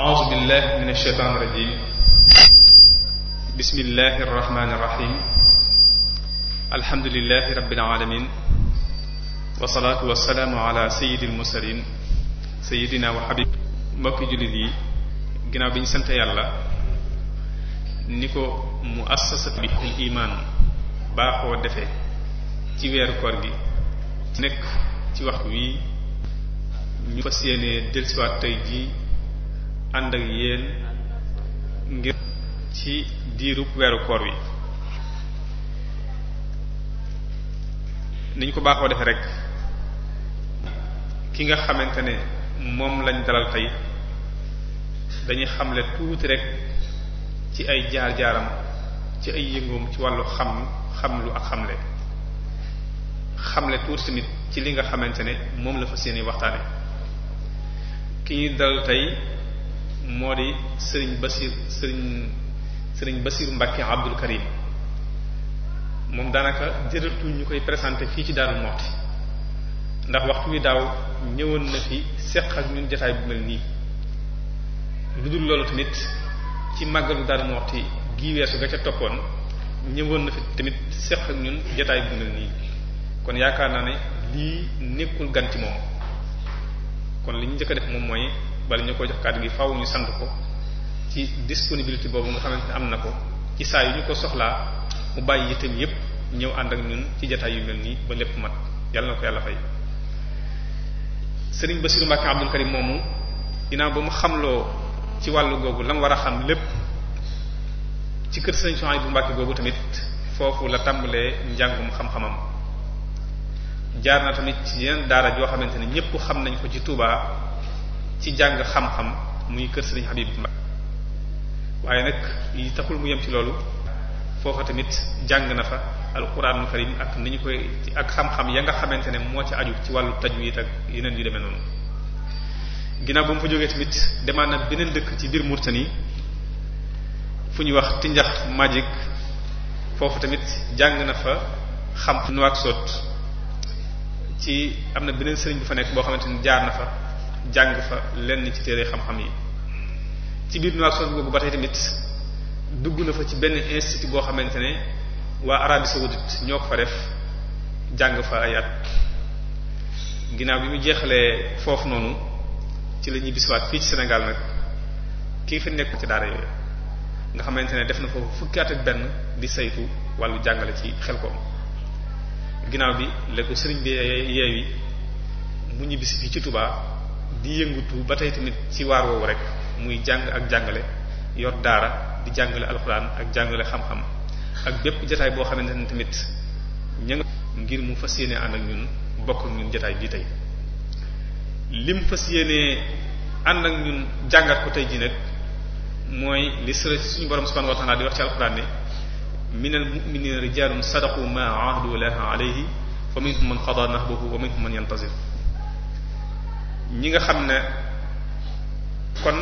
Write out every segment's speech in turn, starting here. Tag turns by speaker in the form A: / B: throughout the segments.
A: a'uuzu billahi min ash-shaytaani rajiim bismillahi rahmaani rahiim alhamdulillahi rabbil aalamiin wasalaatu wasalaamu ala sayyidil mursaliin sayyidina wa habib mbokki jullit yi ginnaaw bi ñu sant yàlla ni ko mu assasat bi al imaan baaxoo defee ci weeru koor gi nekk ci waxtu wi ñu fas yéenee dellusiwaat tey jii ànd ak yéen ngir ci diirub weeru koor wi niñ ko baaxoo defee rek ki nga xamante ne moom lañ dalal tey dañuy xamle tuuti rek ci ay jaar-jaaram ci ay yëngoom ci wàllu xam xamlu ak xamle xamle tuuti tamit ci li nga xamante ne moom la fa seeni waxtaane ki ñu dalal tey moo di sëriñ Basir sëriñ sëriñ Basir Mbacke Abdul Karim moom daanaka jërëtul ñu koy présenté fii ci Darou Moukhty ndax waxtu wi daaw ñëwoon na fi seq ak ñun jotaay bu mel nii lu loolu tamit ci màggalu Darou Moukhty gii weesu ga ca toppoon ñëwoon na fi tamit seq ak ñun jotaay nii kon yaakaar naa ne lii nekkul gan ci moom kon li ñu jëkk a def moom mooy. bala ñu ko jox kàddu gi faaw ñu sant ko ci disponibilité boobu nga xamante ne am na ko ci saa yu ñu ko soxlaa mu bàyyi itam yépp ñëw ànd ak ñun ci jataay yu mel nii ba lépp mag yàlla na ko yàlla fay. Serigne Bassirou Mbacké moomu ginnaaw ba mu xamloo ci wàllu googu la war a xam lépp ci kër Serigne Souhaïbou Mbacké googu tamit foofu la tàmbalee njàngum xam-xamam. jaar na tamit ci yeneen daara joo xamante ne ñépp xam nañ ko ci tuubaa ci njàng xam-xam muy kër Serigne Habib waaye nag yi taxul mu yem ci loolu foofa tamit jàng na fa alquranul karim ak ni ñu koy ak xam-xam ya nga xamante ne moo ci aju ci wàllu tajwid ak yeneen yu demee noonu. ginnaaw ba mu fa jógee tamit demaat na beneen dëkk ci biir Murtani fu ñuy wax Tinjax Majik foofu tamit jàng na fa xam nuwaak sot ci am na beneen sëriñ bu fa nekk boo xamante ni jaar na fa. jàng fa lenn ci téere xam-xam yi ci biir noir soos boobu ba tey tamit dugg na fa ci benn institut boo xamante ne waa Arabie saoudite ñoo ko fa def jàng fa ay ginnaaw bi mu jeexalee foofu noonu ci la ñuy bisiwaat fii ci Sénégal nag kii fi nekk ci daara yooyu nga xamante ne def na foofu fukki at ak benn di saytu wallu jàngale ci xel ko ginnaaw bi la ko sëriñ bi yeewi mu ñibbisi fii ci tubaa di yëngutu ba tey tamit ci waar woowu rek muy jàng ak jàngale yor daara di jàngale alxuraan ak jàngale xam-xam ak bépp jataay boo xamante ne tamit ña ngir mu fas yéene ànd ak ñun bokk ak ñun tey lim fas yéene ànd ak ñun jàngat ko tey ji nag mooy li sëra suñu borom subhanahu wa ta'ala di wax ci alxuraan ne minal mu'minina rijalun sadaqu ma ahadu laha alayhi fa minhum man qada nahbahu wa minhum ñi nga xam ne kon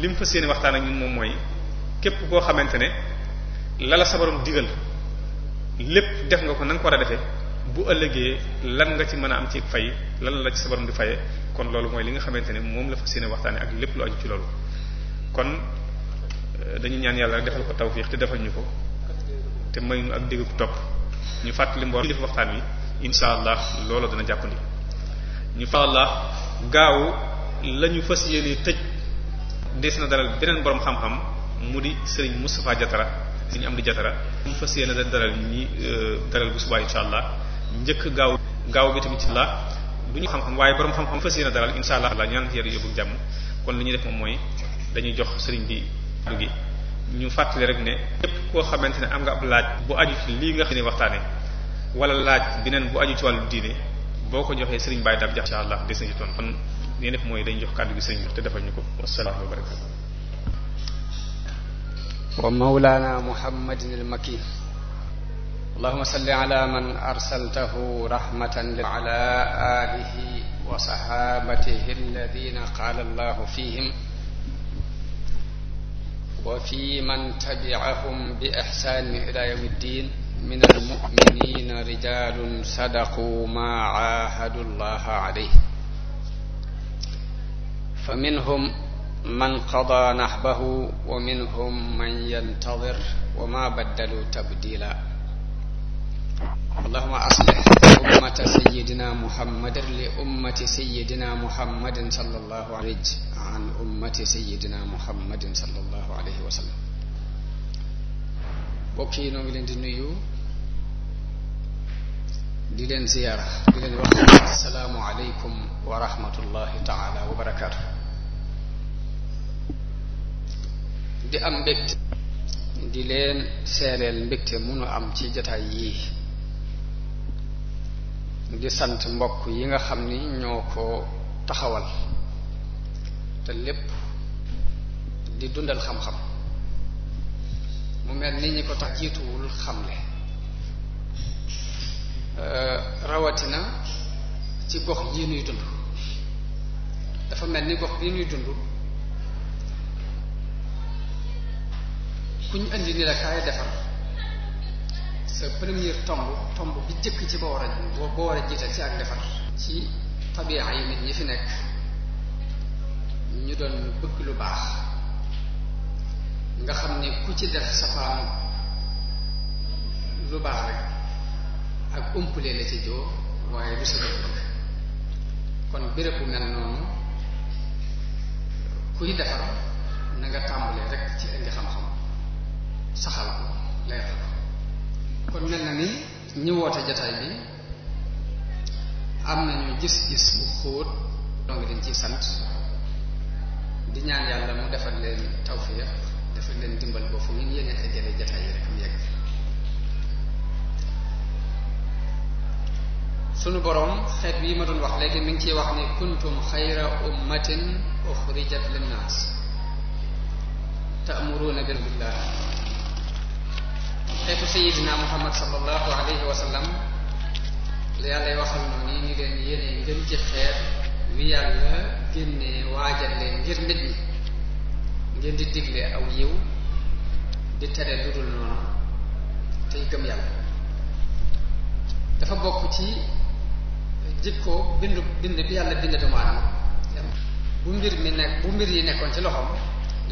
A: lim mu fa seeni waxtaan ak moom mooy képp koo xamante ne lala sa borom digal lépp def nga ko na nga ko war a defee bu ëllëgee lan nga ci mën a am ci fay lan la ci sa di fayee kon loolu mooy li nga xamante ne moom la fa seeni waxtaane ak lépp lu aju ci loolu kon euh, dañu ñaan yàlla rek defal ko tawfiix te defal ñu ko te may ak dégg ku topp ñu fàttali mboor li fa waxtaan wi insha allah loolu dana jàppandi ñu fa gaaw la ñu fas yéene tëj des na dalal beneen borom xam-xam mu di sëriñ Moustapha Jatara sëriñ Amdi Jatara mu fas yéene dalal ñi euh, dalal bu subaa insha allah njëkk gaaw gaaw bi tamit ci la du ñu xam-xam waaye borom xam-xam fas yéene dalal insha allah ñaan ñaanal ci yàlla yóbbu jàmm kon li ñuy def moom mooy dañuy jox sëriñ bi addu gi ñu fàttali rek ne képp koo xamante ne am nga ab laaj bu aju ci lii nga xam ne waxtaane wala laaj beneen bu aju ci wàllu diine boo ko joxee sëriñ Baye Dab incha allah des na ci toon kon li def mooy dañ jox kàddu gi sëriñ bi te defal ñu ko wassalaamu
B: barakaatu wa mawlaana muhammadin al makin allahumma salli ala man arsaltahu rahmatan wa ala alihi wa sahabatihi alladhina qala allahu fihim wa fi man tabi'ahum bi ihsan ila yawmiddin min almuminina rijalun sadaqu ma aahadu llaha alayh fa minhum man qada nahbahu wa minhum man yantadir wa ma baddalu tabdila allahuma aslih ummata sayidina muhammadin li ummati sayidina muhammadin sallallahu alayhi an ummati sayidina muhammadin sallallahu alayhi wa sallam bokk yi noo ngi leen di nuyu di leen ziyaara di leen wax assalaamu aleykum wa rahmatullahi taala di am mbégte di leen seereel mbégte munu am ci jataay yii di sant mbokk yi nga xam ni ñoo ko taxawal te lépp di dundal xam-xam mu mel ni ñi ko tax jiituwul xamle Euh, rawatina ci gox yi ñuy dund dafa mel ni gox bi ñuy dund ku ñu indi ni la kaay defar sa première tomb tomb bi jëkk ci ba war a boo war jiital ci ak defar ci tabiya yi nit ñi fi nekk ñu doon bëgg lu baax nga xam ni ku ci def safaanu lu baax rek ak umpule la ci joo waaye du sabab bëgg kon béréb bu mel noonu kuy defar na nga tàmbalee rek ci indi xam-xam saxal ko leeral ko kon mel na ni ñi woote jataay bi am nañu gis-gis bu xóot doo ngi ciy sant di ñaan yàlla mu defal leen tawfiq defal leen dimbal boo fu ngeen yéene ay jële jataay yi rek mu yegg sunu borom xeet bii ma doon wax léegi mi ngi ciy wax ni kuntum xayra ummatin uxrijat linnaas ta'muruna bil billah xeetu sayidina muhammad sallallahu alayhi wa sallam lu yàlla waxal noonu yi ni leen yéene ngeen ci xeet wi yàlla génnee waajal ngir nit ñi ngeen di digle aw yiw di tere lu dul noonu tey gëm yàlla dafa bokk ci jikkoo bindu bind bi yàlla bind doomu aadama bu mbir mi bu mbir yi nekkoon ci loxoom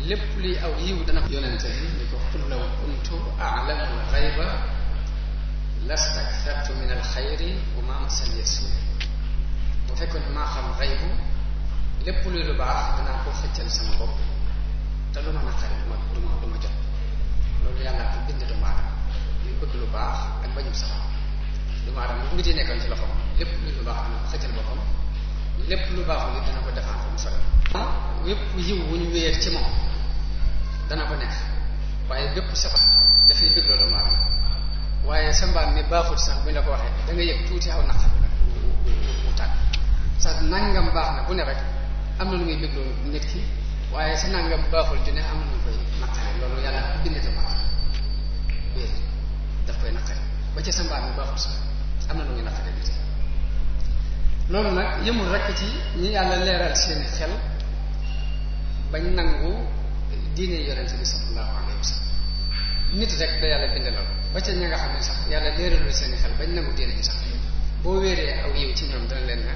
B: lépp luy aw yiw dana ko yonente ni ko qul law kuntu a'lamu al-ghayba lastakthartu min fekkoon maa xam xaybu lépp luy lu baax danaa ko xëccal sama bopp te lu ma naqari du ma jot loolu yàlla ko bind doomu aadama luy bëgg lu baax ak bañu sax doomu aadama bu mbir yi nekkoon ci loxoom lépp lu baax dana ko xëccal boppam lépp lu baaxul it dana ko defaan mu sori ah yépp yiw wu ñu wéer ci moom dana ko neex waaye lépp sax dafay dégloo waaye sa mbaam mi baaxul sax bu ñu ko waxee da nga yëg tuuti aw naqar bu tàgg sax nangam baax rek am na lu muy dégloo nit ki waaye sa nangam baaxul ju ne am na lu koy naqare loolu yàlla ba ci sa mbaam mi baaxul na loolu nag yëmul rekk ci ñi yàlla leeral seen xel bañ nangu diine yonente bi sallallahu alayhi wa sallam nit rek ba ca ña nga sax yàlla leeralul seen bañ nangu diine bi sax boo wéeree ci ñoom dana leen ne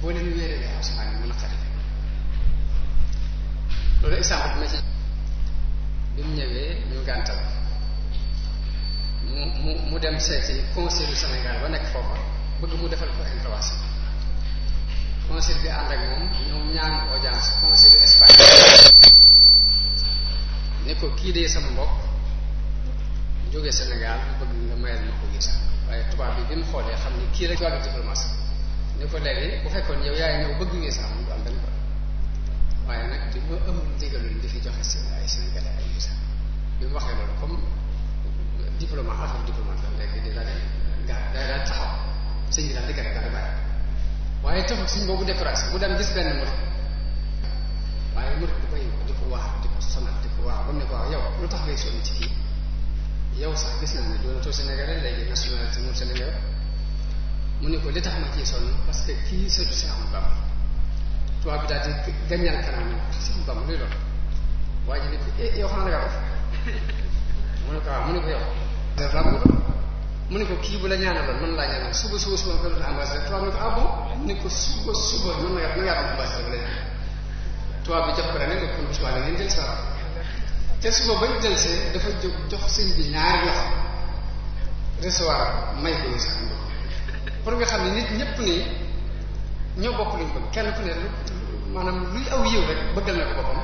B: boo leen wéeree loolu exemple na ci bi mu ñëwee mu dem seeti conseil du ba nekk foofa bëgg mu defal ko intervention conseil bi ànd ak moom ñoom ñaan audience conseil du Espagne ne ko kii dee sama mbokk jóge Sénégal mu bëgg nga mayal ma ko gis waaye tubaab bi bi mu xoolee xam ni kii la ci wàllu diplomatie ne ko léegi bu fekkoon yow yaay ñëw mu du loolu comme diplomate la léegi di daal di daal taxaw sëñ bi waaye taxul suñ boobu de bu daan gis benn murid waaye murid bu koy di ko wax di ko sonal di ko wax ba mu ne ko waaw yow lu tax ngay sonn ci yow sax gis nañ ne doonatoo Sénégalais mu ne ko li tax ma ciy sonn parce que kii sëtu si amul bam tubaab bi daal gaññal kanam ne ko si amul bam luy loolu waa ji ne ko eh yow xanaa mu ne ko waaw mu ne mu ne ko kii bu la ñaanaloon mën laa ñaanal suba suba suba nga doon ambassadeur tubaab ne ko ah bon mu ne na te suba dafa jox sëñ bi ñaari loxo may ko ñu pour nga xam ne nit ñëpp nii ñoo bokk luñ ko kenn ku ne maanaam luy aw yiw rek bëggal na ko boppam.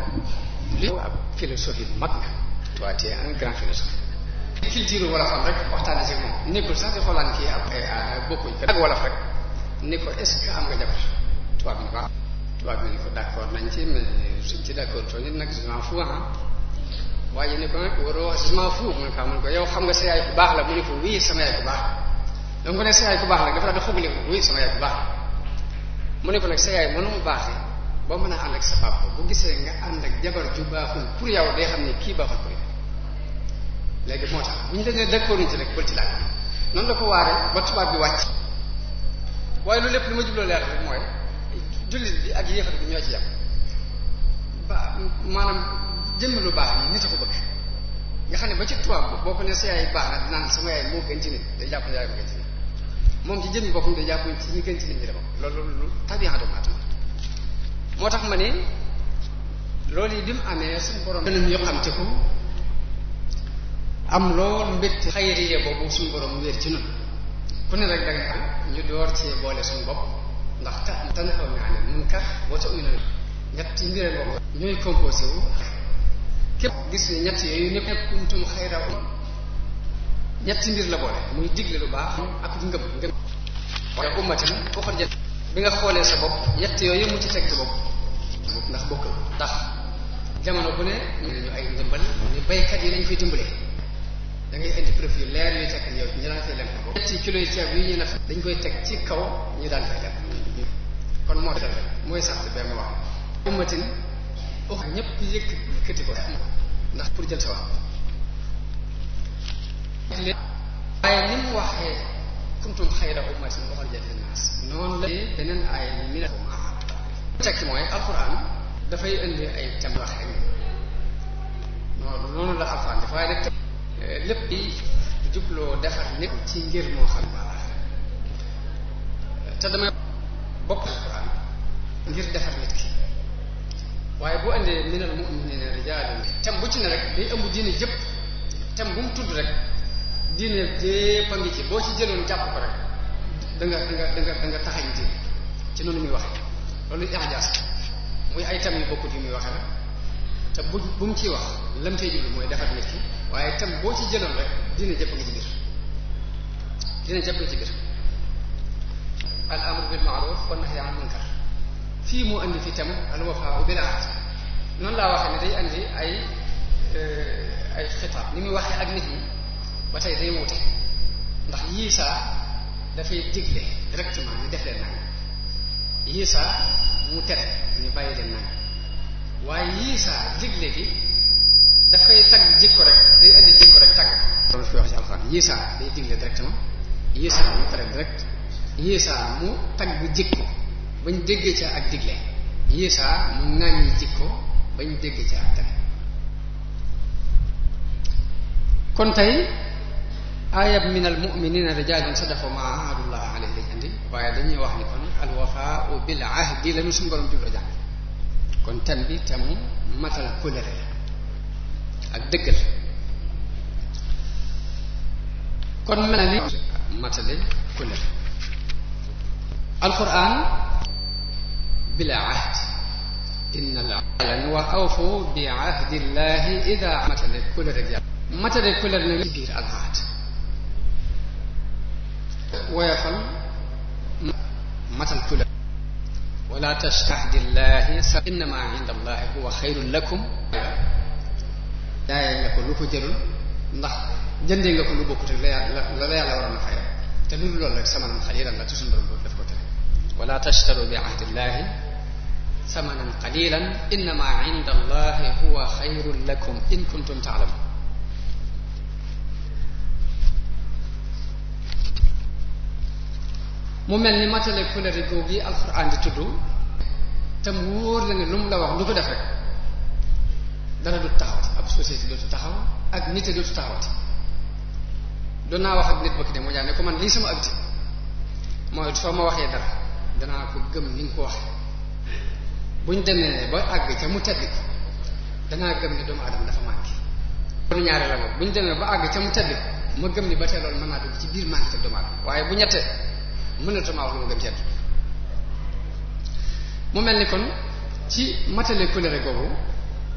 B: li ab philosophie mag na. tu as un grand philosophe. culture wolofam rek waxtaane si moom nekkul sax di xoolaan kii ab eh, ah, bokkuñ ko ak rek ni ko est-ce que am nga jabar tubaab ni ko am ah. tubaab ni ko d'accord nañ ci mais suñ ci d'accord too nit nag je nga sa yaay ku baax la mu ne ko wii sama yaay ku baax la donc ko baax la dafa daal di xogale ko wii sama yaay mu ne ko nag sa yaay mënu mu ba mën a ànd ak sa papa bu gisee nga ànd ak jabar ju baaxul pour yow day xam ne kii baaxul pour léegi moo tax bu ñu dajee dëkkooruñ ci rek bul ci laaj noonu la ko waare ba tubaab bi wàcc waaye loolu lépp li ma jubloo leer rek mooy jullit bi ak yéefar bi ñoo ci yem ba lu baax yi nit a ko xam ne ba ci tubaab boo ko ne sa yaay baax na moo gën ci nit day jàpp ne yaay moo gën ci nit moom ci jëmmi boppam day jàpp ci ñi gën ci nit ñi la loolu lu tabian moo tax ma ne loolu yi bi mu amee suñu borom gën ñu xam ci ko am lool mbégte xayriya boobu suñu borom wér ci noonu ku ne rek da ñu door cee boole suñu bopp ndax ta tanhaw na anil munkar wa gis ne ñett yooyu ñëpp kuntum xayra ñetti mbir la boole muy digle lu baax ak ngëm ngëm waaye ummatin uxrijat bi nga xoolee sa bopp ñett yooyu ci teg sa bopp ndax jamono bu ne ñu ay ndimbal ñu baykat yi lañ fay dimbalee da ngay indi preuve yu leer yuy tekk yow ñu daan fay lem ko ñetti kilo yi ceeb yi ñu naf dañ koy teg ci kaw ñu daan fay lem kon mooy sart bee ma wax ummatin ko ndax pour jël sa wax waaye ni mu waxee kuntum xayra ummatin uxrijat linnaas noonu la beneen aaya ni mi neum tekki mooy alquran dafay indi ay tem wax noonu la alquran def waaye nag Euh, lépp di jubloo defar nit ci ngir moo xam euh, te damay bokk alxuraan ngir defar nit ki waaye boo andee minal mu'minina rijaalun tem bu ci ne rek day ëmb diine jëpp tem bu mu tudd rek diine jépp a ngi ci boo ci jëloon jàpp ko rek da nga da nga da nga da nga taxañ diine ci noonu muy waxee loolu ijaas muy ay tam yu bokkut yu muy waxee la te bu bu mu ciy wax lam fay mooy defar nit ki waaye tam boo ci jëlal rek dina jëpp nga ci biir dina jëpp nga ci biir al munkar fii moo indi fi tam al wafaa bil ahd noonu laa waxee ne day ay euh, ay xitaab ni muy waxee ak nit ñi ba tey day wute ndax yiisaa dafay digle directement ñu def leen naan yiisaa mu tere ñu bàyyi leen naan waaye yiisaa digle gi dafay tagg ak ko rek day indi jikko rek tàgg loolu fi wax ci alxuraan yiisaa day digle directement yiisaa mu tere direct yiisaa mu bañ déggee ca ak digle yiisaa mu ŋàññi jikko bañ déggee ca ak tere kon tey aayab minal mu'minina rijaalun sadaqu dañuy wax ni kon alwafaau bi te mu matal kóllëre ak dëggal kon mel na ni matale kullal alquran bila ahd inna al wa awfu bi ahdillahi ida matale kullal ak yàlla matale kullal nag ci biir al ahd woyofal matal kullal wala tastahdillahi sa innama inda allahi huwa xayrun lakum jaayee nga ko lu ko jërul ndax jëndee nga ko lu bokkut ak la la yàlla waroon a fay te lu dul loolu rek samanan xalilan la te suñu borom daf ko tere wala tashtaru bi ahdillahi samanan qalilan innama inda allahi huwa xayrun lakum in kuntum taalamun mu mel ni matale kulëri googu yi alquran di tudd te mu wóor la ne lu mu la wax lu ko def rek dara du taxawati ab société dootu taxaw ak nit a dootu taxawati doon nit bëgg de moo jaay ne ko man lii sama habitude mooy soo ma waxee dara danaa ko gëm ni ko waxee buñ demee ba àgg ca mu tedd ko danaa gëm ne dafa manqué. kon buñ demee ba àgg ca mu tedd ko ma gëm ni ba tey loolu man naa dugg ci biir manqué doomu aadama waaye bu ñette mënatuma wax lu ma gëm ci mu mel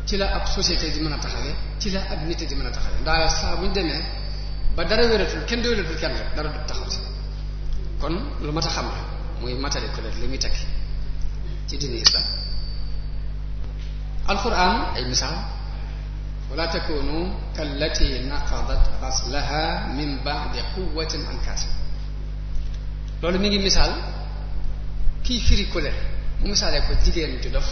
B: ci la ab société di mën a taxawee ci la ab nit di mën a taxawee ndax saa bu ñu demee ba dara wératul kenn doylatul kenn rek dara du taxaw si kon lu mat a xam la muy matali ko rek li muy tekki ci diine islam alquran ay misaal wala takunu kallati mu ghaslaha min ba'di quwwatin ankaas loolu mi ngi misaal kii firi colère mu misaalee ko jigéen ju def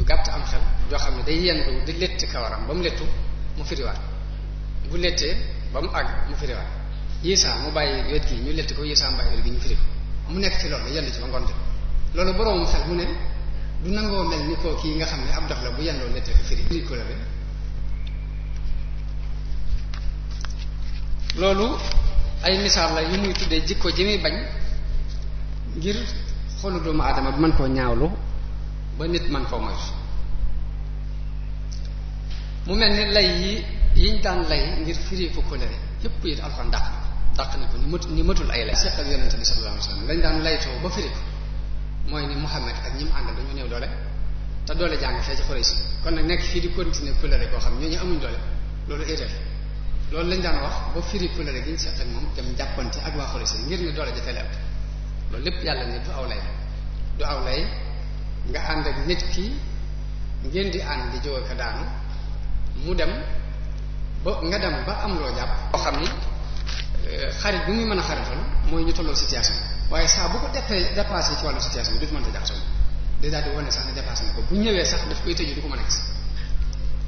B: ju gàtt am xel joo xam ne day yendu di létti kawaram ba mu léttu mu firiwaat bu léttee ba mu àgg mu firiwaat yisaa mu bàyyi wet gi ñu létti ko yisaa mu bàyyi wet gi ñu mu nekk ci loolu yendu ci ba ngoonte loolu boroomum xel mu ne du nangoo mel ni koo kii nga xam ne ab dof la bu yendoo léttee ko firi firi ko la loolu ay misaal la yu muy tuddee jikko ji muy bañ ngir xolu doomu aadama bi mën koo ñaawlu ba nit man koo moytu mu mel ni lay yi ñu daan lay ngir firi ko kóllëre yépp yi alxuraan dàq na dàq na ko ñu mëtul ay lay seq ak yonente bi sallallahu alayhi wasallam lañ daan laytoo ba firi ko mooy ni Muhammad ak ñi mu àndal dañu néew doole te doole jàng fee ci Quraysh kon nag nekk fii di continuer kóllëre koo xam ñooñu amuñ doole loolu erreur loolu lañ daan wax ba firi kóllëre gi ñu seq ak moom dem jàppante ak waa Quraysh ngir ne doole dafay lepp loolu lépp yàlla ne du aw lay du aw lay nga ànd ak nit kii ngeen di ànd di jóge ko daanu mu dem ba nga dem ba am loo jàpp boo xam ni euh, xarit bi muy mën a xaritoon mooy ñu tolloo situation waaye saa bu ko dépé dépassé ci wàllu situation bi du mën a jaxasoo day daal sax ne dépassé na ko bu ñëwee sax daf koy tëju du ko mën a gis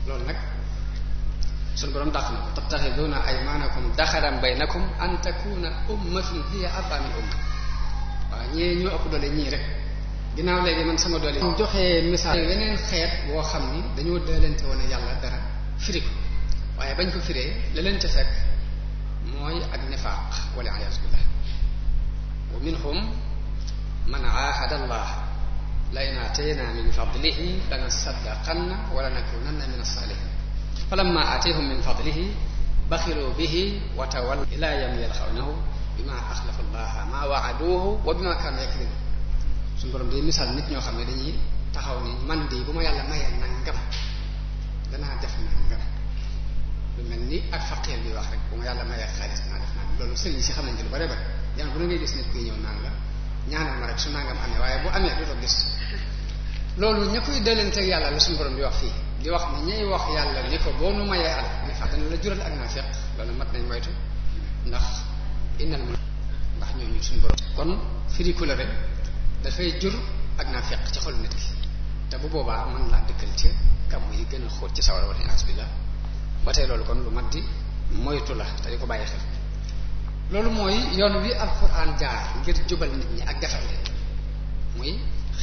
B: loolu nag suñu borom dàq na ko tabtaxiduna aymanakum daxaran baynakum an takuna ummatun hiya arba min umma waaw ñee ñoo ëpp doole ñii rek ginnaaw léegi man sama doole mu joxee misaal weneen xeet boo xam ni dañoo dëlante woon yàlla dara firi ko waaye bañ ko firee la ca fekk mooy ak nifaaq wala ayasu billah wa minhum man aahada allah la in aatayna min fadlihi lanasaddaqanna wa lanakunanna min as-salihin falamma aatayhum min fadlihi baxilu bihi wa tawallaw ila yawmi yalqawnahu bima axlafa ma waaduhu wa bima kaanu suñu borom day misaal nit ñoo xam ne dañuy taxaw ni man de bu ma yàlla mayee nangam danaa def nangam lu mel ni ak faqir bi wax rek bu ma yàlla mayee xaalis danaa def nangam loolu sëriñ si xam nañ ci ba bari bari yàlla bu na ngay gis nit kuy ñëw naan la ñaanal ma rek su nangam amee waaye bu amee du ko gis loolu ña koy dellanteeg yàlla la suñu borom di wax fii di wax ni ñuy wax yàlla ni ko boo nu mayee al ni fa dana la jural ak naafeq loolu mat nañ moytu ndax innal mu ndax dafay jur ak naa feq ci xol nit ki te bu boobaa mën laa dëkkal ci yi gën a xóot ci sawar wala asbillah ba tey loolu kon lu mat di moytu la te di ko bàyyi xel loolu mooy yoon wi alxuraan jaar ngir jubal nit ñi ak defar muy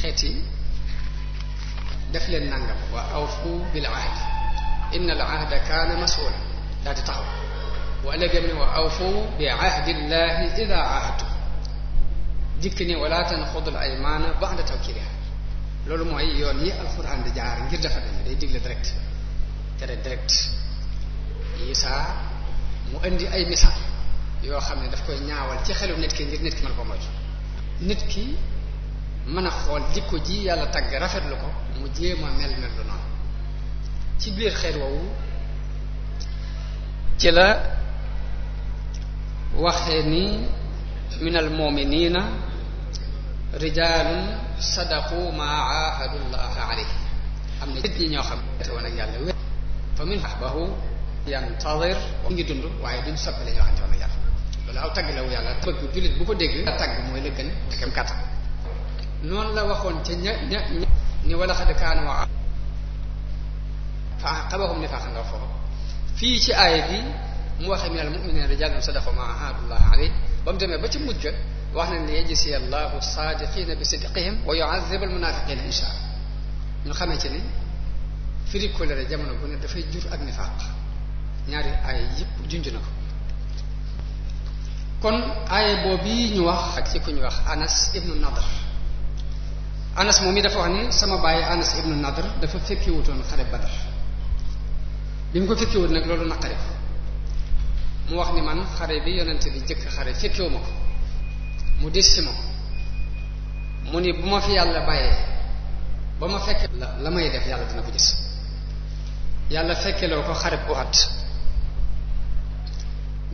B: xeeti def leen nangam wa awfu bil ahd inna al ahda kaana masuula daal di taxaw wa ëllëgam ne wa awfu bi ahdillahi ida ahad dikk ni wala tanxudul aymaana ba'da tawkiilihaa loolu mooy yoon yi alxuraan di jaar ngir dafa dem day digle direct tere direct isaa mu indi ay misaal yoo xam ne daf koy ñaawal ci xelu nit ki ngir nit ki mën ko moytu ki mën a xool jikko ji yàlla tagg rafetlu ko mu jéem a mel mel lu noonu ci biir xel woowu ci la waxee ni minal mu'miniina rijaalun sadaqu maa aahadu llaha am na nit ñi ñoo xam te woon ak yàlla wér fa min ahbahu yantadir mu ngi dund waaye duñ soppali ñoo xam te woon yàlla loolu aw tagg la yàlla bëgg jullit bu ko dégg la tagg mooy la gën te kam kàttan noonu la waxoon ca ña ña ni wala xad kaanu fa aqabahum nifaaqan nga foofu fii ci aaya bi mu waxee minal mu'miniina rijaalun sadaqu maa aahadu llaha alayhi ba mu demee ba ci mujj wax na ne yajzi allahu saadiqina bi sidqihim wa yu'adhibu almunafiqina insha allah ñu xamee ci ne firi kóllëre jamono bu ne dafay jur ak nifaaq ñaari aaya yëpp junj na ko kon aaya boobu ñu wax ak ci ku ñu wax anas ibnu nadr anas moom yi dafa wax ni sama bàyyi anas ibnu nadr dafa fekki wutoon xare badar bi mu ko fekki wut nag loolu naqari ko mu wax ni man xare bi yonente bi jëkk xare fekkiwu ko mu des si ma mu ni bu ma fi yàlla bàyyee ba ma fekkee la la may def yàlla dina ko gis yàlla fekkeloo ko xarib bu at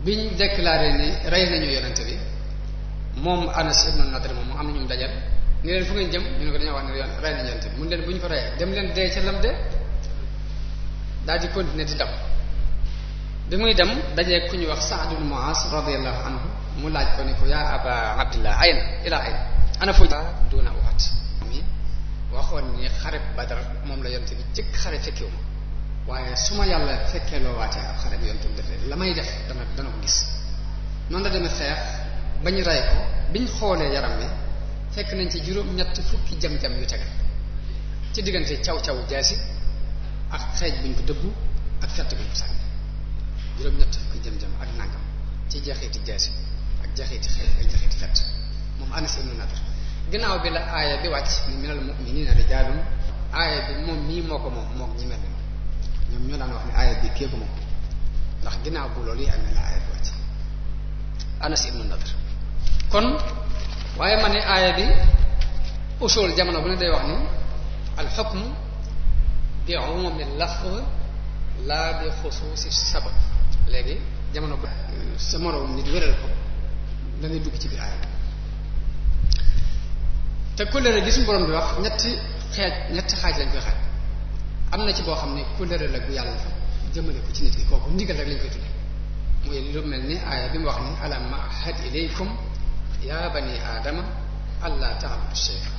B: biñ déclaré ni rey nañu yonente bi moom Anas ibn Nadr moom mu am na ñu dajal ni leen fu ngeen jëm ñu ne ko dañoo wax ne rey nañu yonente bi mun leen bu ñu ko reyee dem leen dee ca lam de daal di continuer di daw bi muy dem dajee ku ñu wax Saad ibn Muaz radiyallahu anhu mu laaj ko ne ko yaa aba abdillah ayna ilaa ayna ana fu duna uxat mi waxoon ni xare badar moom la yonte bi jëkk xare fekkewu ma waaye su ma yàlla fekkee loo waatee ab xare bi yonte la may def dana dana ko gis noonu la deme xeex ba ñu rey ko biñ xoolee yaram mi fekk nañ ci juróom ñett fukki jam-jam yu tegal ci diggante caw-caw jaasi ak xeej buñ ko dëbbu ak fett buñ ko sànni juróom ñett fukki jam-jam ak nangam ci jeexiti jaasi jaxiti xel ay jaxiti moom Anas ibn Nadr ginnaaw bi la aaya bi wàcc mu minal mu'minina rijaalun aaya bi moom mii moo ko moom moom ñi mel ni ñoom ñoo daan wax ne aaya bi kee ko moom ndax ginnaaw bu loolu yi amee la aaya bi wàcc Anas ibn Nadr kon waaye ma ne aaya bi usul jamono bu ne day wax ni al xukm bi umumi lafz léegi jamono ba sa moroom nit wéral ko da ngay dugg ci biir aaya te kóllëre gi suñu bi wax ñetti xeej ñetti xaaj lañ koy xaaj am na ci boo xam ne kóllëre la gu yàlla fa jëmale ko ci nit ki kooku ndigal rek lañ koy mooy lu mel ni aaya bi mu wax ni alam ahad ilaykum ya bani aadama allah taabudu shaytan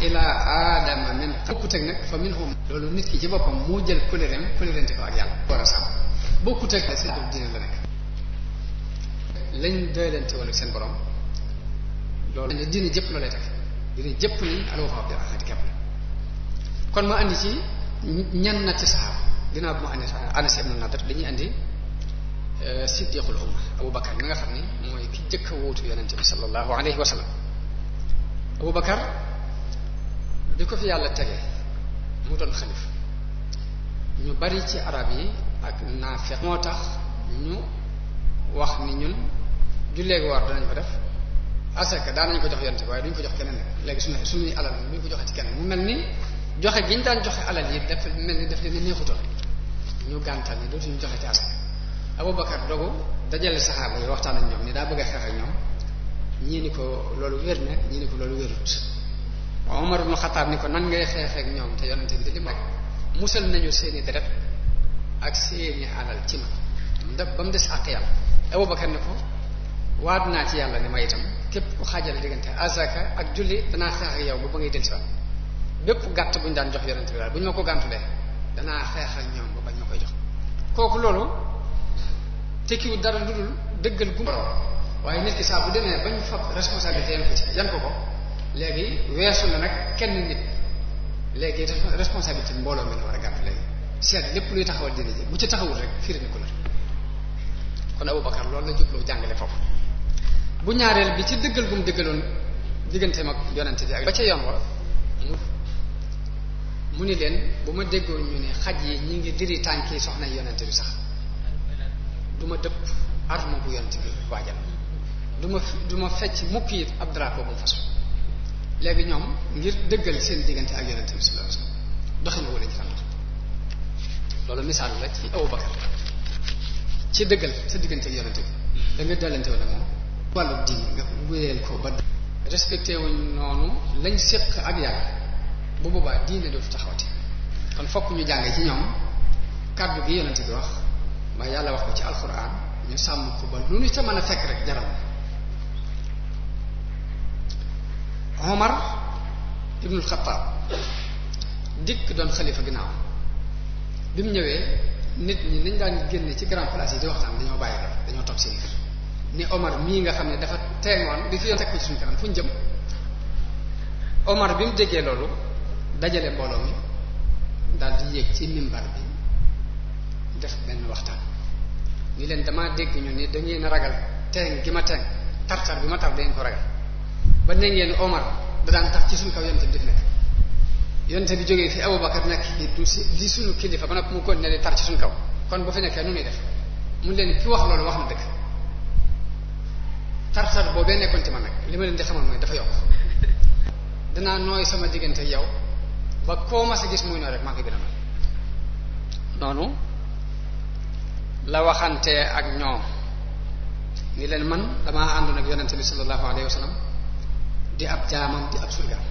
B: ilaa aadama min xukku teg nag fa minhum loolu nit ki ci boppam moo jël kóllëreem kóllërente ko ak yàlla war a sàmm bokkut ak seen doom diine la nekk lañ doylante woon seen borom loolu ne diine jëpp loolay teg diine jëpp ni alwafa bi ahadi képp kon ma andi ci ñan na ci saxaaba ginnaaw bu ma andi Anas ibn dañuy andi euh, siddiqul umma Abu Bakar mi mooy ki jëkk a wóotu yonente bi sallallahu alayhi wa sallam Abu Bakar bi ko fi yàlla tege mu doon xalif ñu bari ci arab yi ak naa naafeq moo tax ñu wax ni ñun julleegi war danañ ko def asaka daan nañ ko jox yonte waaye duñ ko jox keneen léegi su ne suñuy alal bi ñu ko joxe ci keneen mu mel ni joxe gi ñu daan joxe alal yi def mel ni def leen neexutoon ñu gàntal ni dootuñu joxe ci asaka Abubakar dogu dajale saxaaba yi waxtaan ak ñoom ni daa bëgg a ñoom ñii ni ko loolu wér na ñii ni ko loolu wérut Omar ibn Xattaab ni ko nan ngay xeexeek ñoom te yonente bi te li mu musal nañu seeni deret ak seeni alal ci man ndax ba mu des àq yàlla Abubakar ne ko waat naa ci yàlla ne ma itam képp ku xaajale diggante azaka ak julli danaa xeex ak yow ba ba ngay del si waat bépp gàtt bu ñu daan jox yonent bi daal bu ñu ma ko gàntulee danaa xeex ak ñoom ba bañ ma koy jox kooku loolu tekkiwul dara lu dul dëggal gum waaye nit ki saa bu demee bañ fab responsabilité yan ko ci yan ko ko léegi weesu na nag kenn nit léegi responsabilité mbooloo mi la war a gàtt seet lépp luy taxawal diine ji bu ci taxawul rek firi ni ko la kon Aboubacar loolu la jubloo jàngale foofu bu ñaareel bi ci dëggal bu mu dëggaloon digganteem ak yonent bi ak ba ca yoon mu ni leen bu ma déggoo ñu ne xaj yi ñi ngi diri tànk yi soxna yonent bi sax duma ma dëpp arme bu yonent bi waajal du ma du ma fecc mukk yi ab drapeau bu mu fasu léegi ñoom ngir dëggal seen diggante ak yonent bi sallallahu alayhi wasallam doxin wala ci tam loolu misaal la ci Abu Bakar ci dëggal sa diggante ak yonente bi da nga dellante wala moom wàllu diin nga wéyal ko ba respecté wuñ noonu lañ séq ak yàlla bu boobaa diine ci taxawati kon fokk ñu jànge ci ñoom kàddu gi yonente bi wax ma yàlla wax ko ci alxuraan ñu sàmm ko ba lu ñu ca mën a fekk rek jaral Omar ibnul Xattaab dikk doon xalifa ginnaaw bi mu ñëwee nit ñi nañ daan génne ci grand place yi di waxtaan dañoo bàyyi rek dañoo toog seen kër ni Omar mii nga xam ne dafa teegoon di fi yoon teg ko suñu kanam fu ñu jëm Omar loolu dajale mbooloo mi daal di yéeg ci mimbar bi def benn waxtaan leen damaa dégg ñu ni dangeen ragal teeng gi ma teeng tartar bi ma tar dangeen ko ragal ba ne ngeen Omar da daan tax ci suñu kaw yonte def nekk yonte bi jógee fi Abubakar nekk du si di suñu kilifa ba nag mu continuer di tar ci suñu kaw kon bu fi nekkee nu ñuy def mu leen ki wax loolu wax na dëgg tar-tar boobee nekkoon ci man nag li ma leen di xamal mooy dafa yokk danaa nooy sama diggante yow ba koo ma si gis muy nooy rek maa ngi gën a nooy noonu la waxante ak ñoom ni leen man damaa àndoon ak yonente bi sallallahu alayhi wa di ab jaamam di ab surgaam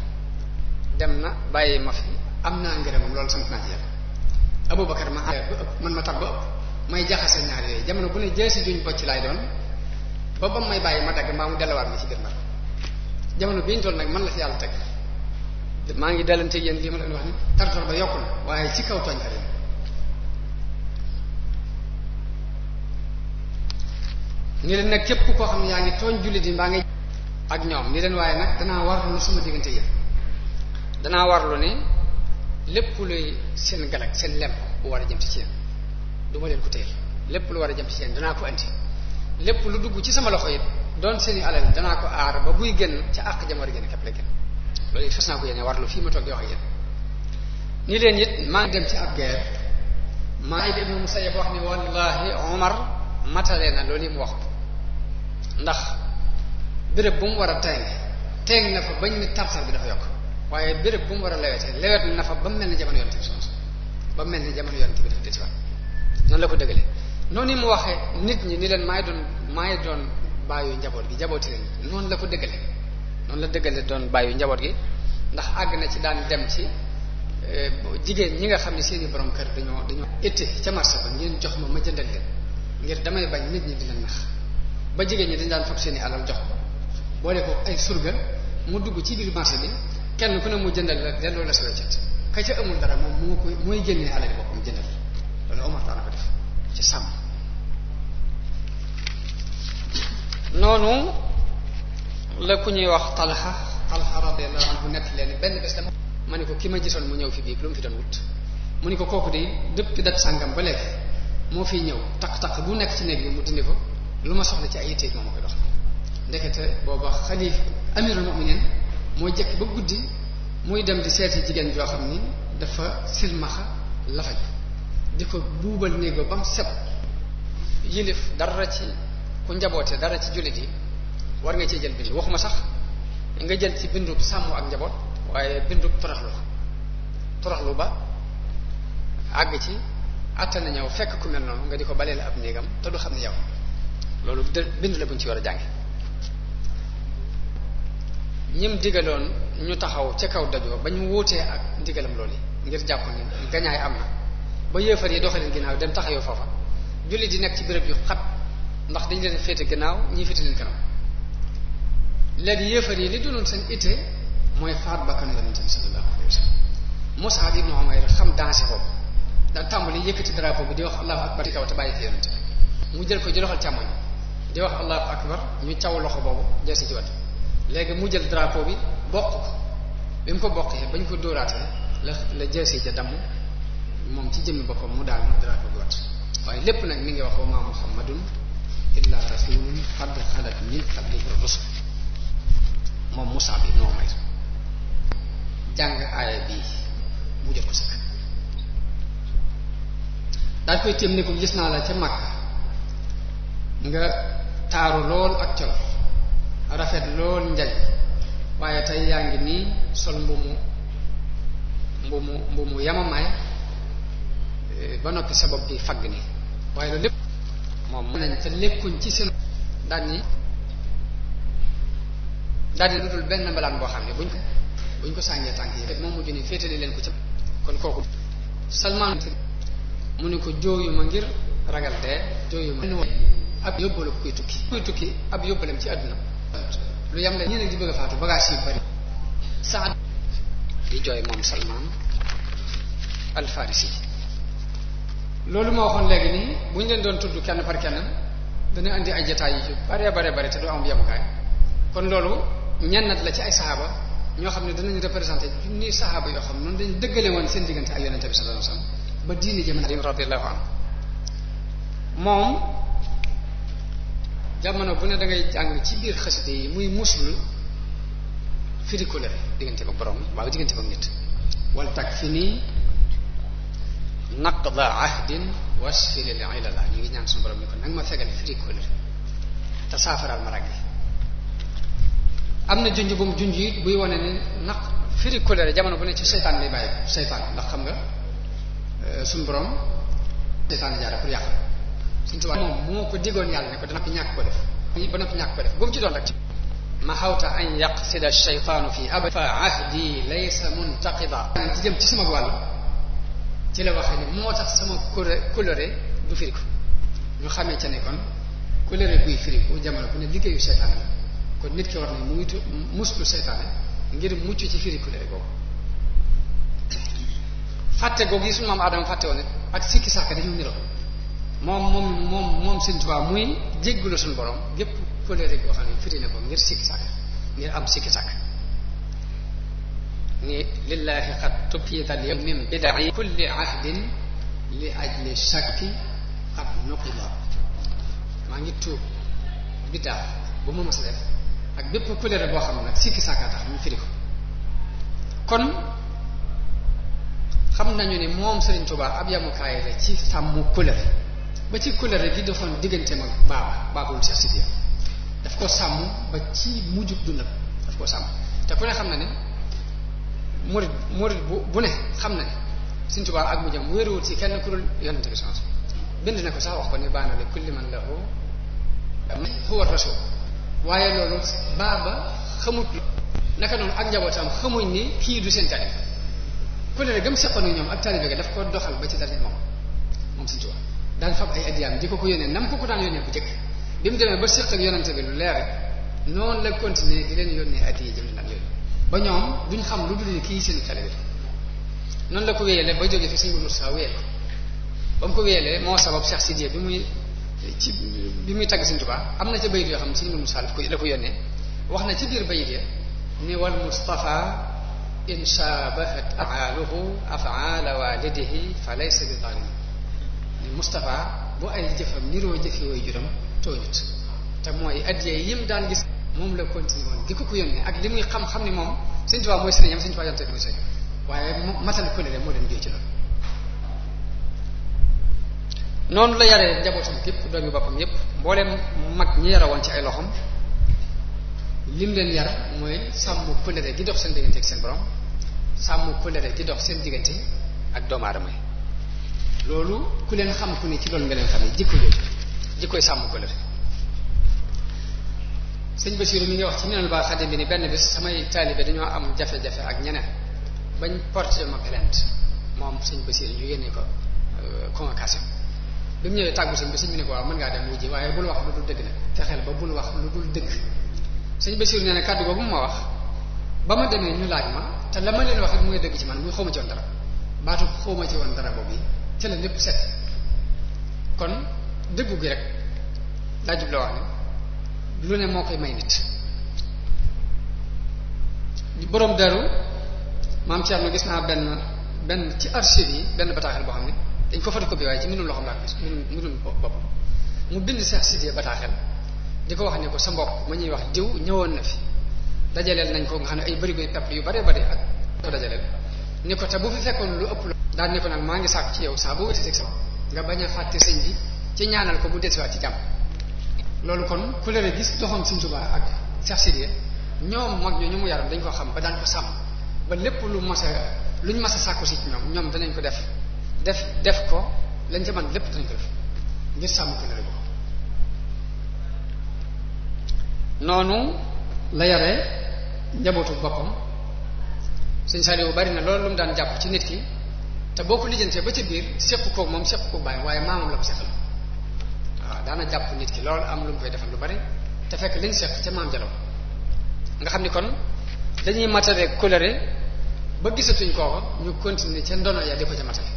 B: dem na bàyyi ma fi am naa ngërëmam loolu sant naa ci yàlla Abubakar ma ba man ma tax ba ëpp may jaxase ñaar yooyu jamono bu ne jeesi juñ ci laay doon ba may bàyyi ma dagg mbaa mu delluwaat ma ci biir bi ñu toll man la fi yàlla teg maa ngi dalante yéen lii ma leen wax ni tartar ba yokku na waaye ci kaw tooñkat yi ni leen nag képp koo xam ne yaa ngi tooñ jullit yi mbaa ngi ak ñoom ni leen waaye nag danaa war na suma diggante yéen danaa warlu ni lépp luy seen galak seen lem bu war a jëm ci ci yéen du leen ko téyel lépp lu war a jëm ci ci yéen danaa ko indi lépp lu dugg ci sama loxo it doon seen i alal danaa ko aar ba buy génn ca àq jam war a génn képp la génn loolu it fas naa ko yéene warlu ak leen it maa ngi dem ci ab guerre maa ngi dem Musayyab wax ni wallahi Omar matale na loolu yi mu wax ndax béréb bu mu war a teng teng na fa bañ ni tartar bi dafa yokk waaye béréb bu mu war a lewetee lewet na fa ba mu mel ni jamono yonent bi ba mu mel ni jamono yonent bi dafa noonu la ko dëggalee noonu mu waxee nit ñi ni leen maay doon maay doon bàyyu njaboot gi jabooti leen noonu la ko dëggale noonu la dëggale doon bàyyu njaboot gi ndax àgg na ci daan dem ci eh, jigéen ñi nga xam ne seeni borom kër dañoo dañoo été ca marché ba ngeen jox ma ma jëndal leen ngir damay bañ nit ñi di leen nax ba jigéen ñi dañ daan fab seeni alal jox ko boole ko ay surga mu dugg ci biir marché bi kenn ku ne mu jëndal la delloo la sa weccet ka ca amul dara moom moo koy mooy génnee alal boppam jëndal loolu Omar daana ko def ci sàmm noonu la ku ñuy wax Talha Talha radiyallahu anhu nekk leen benn bés dama ma ne ko ki ma gisoon mu ñëw fi bii lu mu fi doon wut mu ne ko kooku de depuis dat sàngam ba léegi moo fiy ñëw takk-takk bu nekk ci néeg bi mu dindi ko lu ma soxla ci ay yitteeg moom ma koy dox ndekete booba xalif amirul mu'minin moo jekk ba guddi muy dem di seeti jigéen joo xam ni dafa silmaxa lafañ di ko buubal néegoo ba mu set yilif dara ci ku njaboote dara ci jullit yi war nga cee jël bind waxuma sax nga jël ci bindub sàmm ak njaboot waaye bindub toroxlu toroxlu ba àgg ci àttan na ñëw fekk ku mel noonu nga di ko baleel ab néegam te du xam ne yow loolu bind la bu ñu ci war a jànge ñim digaloon ñu taxaw ca kaw dajoo ba ñu wuutee ak ndigalam loolu ngir jàpp ne gañaay am na ba yéefar yi doxaleen ginnaaw dem taxawoo foofa jullit di nekk ci bërëb yu xat ndax dañ leen féete gannaaw ñii féete leen kanam léegi yéefar yi li doonoon seen ittee mooy faat bakkanu yonente bi sallallahu alayhi wa sallam Mus'ab ibn Umayr xam dansé boobu da tàmbali yëkkati drapeau bi di wax allahu akbar ci kaw te bàyyi fi yonente mu jël ko ji loxol càmmoñ di wax allahu akbar ñu caw loxo boobu jasi ci wat léegi mu jël drapeau bi bokk ko bi mu ko bokkee ba ñu ko dóoraatee la la jeesi ja damm moom ci jëmmi boppam mu daal drapeau bi wat waaye lépp nag mi ngi wax wa maa xam illa rasulun la xalat min qablihi rusul moom Musaa bi noo may mu jot ko si daal koy téem ne ko gis naa la ca Makka nga taaru lool ak col woon njay waaye tey yaa ngi nii sol mbumu mbumu mbumu yamamaay eh, ba noppi sa bopp bi fagg nii waaye loolu lépp moom nañ te nekkuñ ci seen daan ni daan ni lu dul ne buñ ko buñ ko sàngee tànk yi de mujj ni féetale leen ko ne ko jooyu ma ngir ragal dee jooyu ma ab yóbbalu kuy tukki kuy tukki ab yóbbalem ci àdduna lu yam la ñi nag di bëgg a faatu bagage yi bari sax di jooy moom salmaan alfarisi loolu moo waxoon léegi nii bu ñu leen doon tudd kenn par kenn dana indi ay jataay yu bare bare bare te du am yemukaay kon loolu ñennat la ci ay saxaaba ñoo xam ne danañ représenté junni saxaaba yoo xam noonu dañ dëggale woon seen diggante ak yonente bi sallallahu alayhi wasallam ba diini jëm radiyallahu anhu moom jamono bu ne da ngay jàng ci biir xasida yi muy muslu firikule diggante ba borom waaye diggante ba nit wal takk fi nii naqda ahdin wasfilil ilala ñu ngi ñaan suñu borom ni ko nag ma fegal firikule te saafaraal ma rag yi am na junj bu mu junj it buy wane ne naq firikule jamono bu ne ci seytaan lay bàyyi seytaan ndax xam nga euh, suñu borom seytaan jaare pour yàq suñu tubaab moom moo ko digoon yàlla ne ko dana ko ñàkk ko def ba na ko ñàkk ko def bu mu ci doon rek ma xawta an yaqsida shaytaanu fi abad fa ahdi laysa muntaqida ci jëm ci sama wàll ci la waxee ne moo tax sama coloré du bu ko ñu xamee ca ne kon coloré buy firi ko jamono ku ne liggéeyu seytaane la kon nit ki war ne muytu muslu seytaane ngir mucc ci firi coloré boobu fàtte googu yi suñu Adama fàtte woon ak sikki sàkk dañu niroo moom moom moom moom Sëriñ Tuubaa muy jéggulu suñu borom gépp colère goo xam ne firi na ko ngir sikki sàkk ngir am sikki sàkk ni lillaahi xat tupital yow min bidai kulli ahdin li ajli shakki xat nuqida maa ngi tuub biddaa bu ma mas ak bépp colère boo xam ne nag sikki sàkka tax ñu firi ko kon xam nañu ne moom Sëriñ tubaa ab yamukaay la ci sàmm colère ba ci colère gi doxoon diggante mag baaba baabul Cheikh Sidiya daf ko sàmm ba ci mujjug dundam daf ko sàmm te ku ne xam na ne murid murid bu bu ne xam na ne Sëriñ ak mujjam wéeruwul ci kenn ku dul yonent bi sans bind na ko sax wax ko ne baana li kulli man lahu huwa rasul waaye loolu baaba xamut naka noonu ak njabootam xamuñ ni kii du seen taalibe colère gëm seqoon ñoom ak taalibe ga daf ko doxal ba ci dara moom moom Sëriñ daan fab ay addiyaam di ko ko yónnee nam ko ko daan yónnee bu jëkk bi mu demee ba séq ak yonante bi lu leer noonu la continuer di leen yónnee addiya jëm daan yónnee ba ñoom duñ xam lu dul ni kii seen talibé noonu la ko wéyalee ba jógee fi sëñ bu Moussa wéyal ko ba mu ko wéyalee moo sabab Cheikh Sidiya bi muy ci bi muy tagg Sëñ Tuubaa am na ca bayit yoo xam ne sëñ bu Moussa la ko la wax na ci biir bayit ya ni wal Mustafa in shaabahat afaaluhu afaala waalidihi fa laysa bi zalim Moustapha bu ay jëfam niroo jëfe way juram tooñut te mooy addiyee yim daan gis moom la continué woon di ko ku yónnee ak li muy xam-xam ni moom Sëñ Tuubaa mooy sëriñam Sëñ Tuubaa yonte ko sëñ waaye matal moo leen jëy la yaree njabootam képp doomi boppam yépp mbooleem mag ñi yara woon ci ay loxoom lim leen yar mooy sàmm kolere gi dox seen diggante ak seen borom sàmm kolere di dox seen diggante ak doomu yi loolu ku leen xam ku ne ci loolu nga leen xam ne jikko jooju jikkoy sàmm ko la sëñ Basiru mi ngi wax ci minal ba xadim bi ni benn bis samay taalibe dañoo am jafe ak ñeneen bañ porté ma plainte moom sëñ Basiru ñu yónnee ko euh, convocation bi mu ñëwee tàggu sëñ bi sëñ bi ne ko waaw mën ngaa dem wujji waaye bul wax lu dul dëgg nag fexeel ba bu wax lu dul dëgg sëñ Basiru nee na kàddu googu mu ma wax ba ma demee ñu laaj ma te la ma leen wax mu mooy dëgg ci man muy xawma ci woon dara baatu xawma ci woon dara boobu ca la lépp set kon dëggu gi rek daa la wax ne lu ne moo koy may nit boroom daru maam ma gis naa benn benn ci archive yi benn bataaxel boo xam ne dañ ko photocopie waaye ci nu loxo laa ko gis mbindum mbindum boppam mu bind Cheikh Sidiya bataaxel di ko wax ne ko sa mbokk ma ñuy wax diw ñëwoon na fi dajaleel nañ ko nga xam ne ay bërigo pepp yu bare bare ak dajaleel ni ko te bu fi fekkoon lu ëpp la daal ni ko nag maa ngi sàkk ci yow saa boo wéeteeg sa nga bañ a fàtte sëñ bi ci ñaanal ko bu desiwaat ci jàmm loolu kon ku leen gis doxoon Sëñ Tuubaa ak Cheikh Sidiye ñoom mag ñoo ñu mu yaram dañ ko xam ba daan ko sàmm ba lépp lu mas a luñ mas a sàkku si ci ñoom ñoom danañ ko def def def ko lañ ca man lépp danañ ko def ngir sàmm ku leen noonu la yare njabootu boppam sëñ Saliou bari na loolu lu mu daan jàpp ci nit ki te boo ko lijjantee ba ci biir seq koog moom seq koog bàyyi waaye maamam la ko seqal waaw daana jàpp nit ki loolu am lu mu koy defal lu bari te fekk liñ seq ca maam jalaw nga xam ni kon dañuy matale coloré ba gisatuñ kooka ñu continuer ca ndono ya di ko ca matale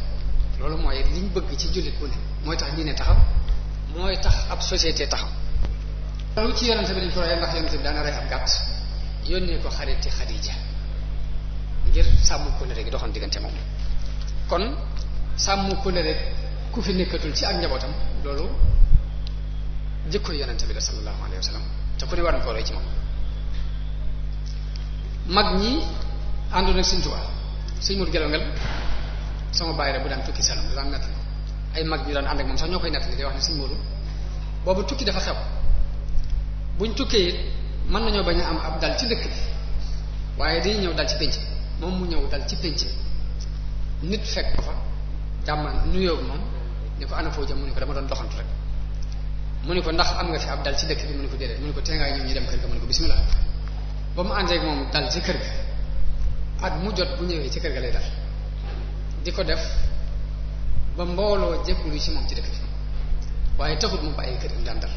B: loolu mooy liñ bëgg ci jullit bu ne mooy tax ne taxaw mooy tax ab société taxaw loolu ci yonente bi dañ ko rey ndax yonente bi daana rey yónnee ko xarit ci Xadija ngir sàmm kóllëre gi doxoon diggante moom kon sàmm kóllëre ku fi nekkatul ci ak njabootam loolu jikko yonente bi la sallallahu alayhi wa sallam te ku ne war na koo roy ci moom mag ñi àndoon bàyyi rek bu daan tukki Saloum da daan nett ay mag ñu daan ànd ak moom sax ñoo koy nett li day wax ne si Muru boobu tukki dafa xew buñ tukkee it mën nañoo bañ a am ab dal ci dëkk bi waaye day ñëw dal ci pénc moom mu ñëw dal ci pénc nit fekk ko fa jàmman nuyoo moom ni ko ana foo jëm mu ne ko dama doon doxantu rek mu ne ko ndax am nga fi ab dal ci dëkk bi mu ne ko déedéet mu ne ko teengaay ñëw ñu dem kër ga mu ne ko ba mu àndee moom dal kër ga mu jot bu ñëwee ci kër ga di ko def ba mbooloo jéggulu ci moom ci dëkk bi waaye taxut mu bàyyi kër gi mu daan dal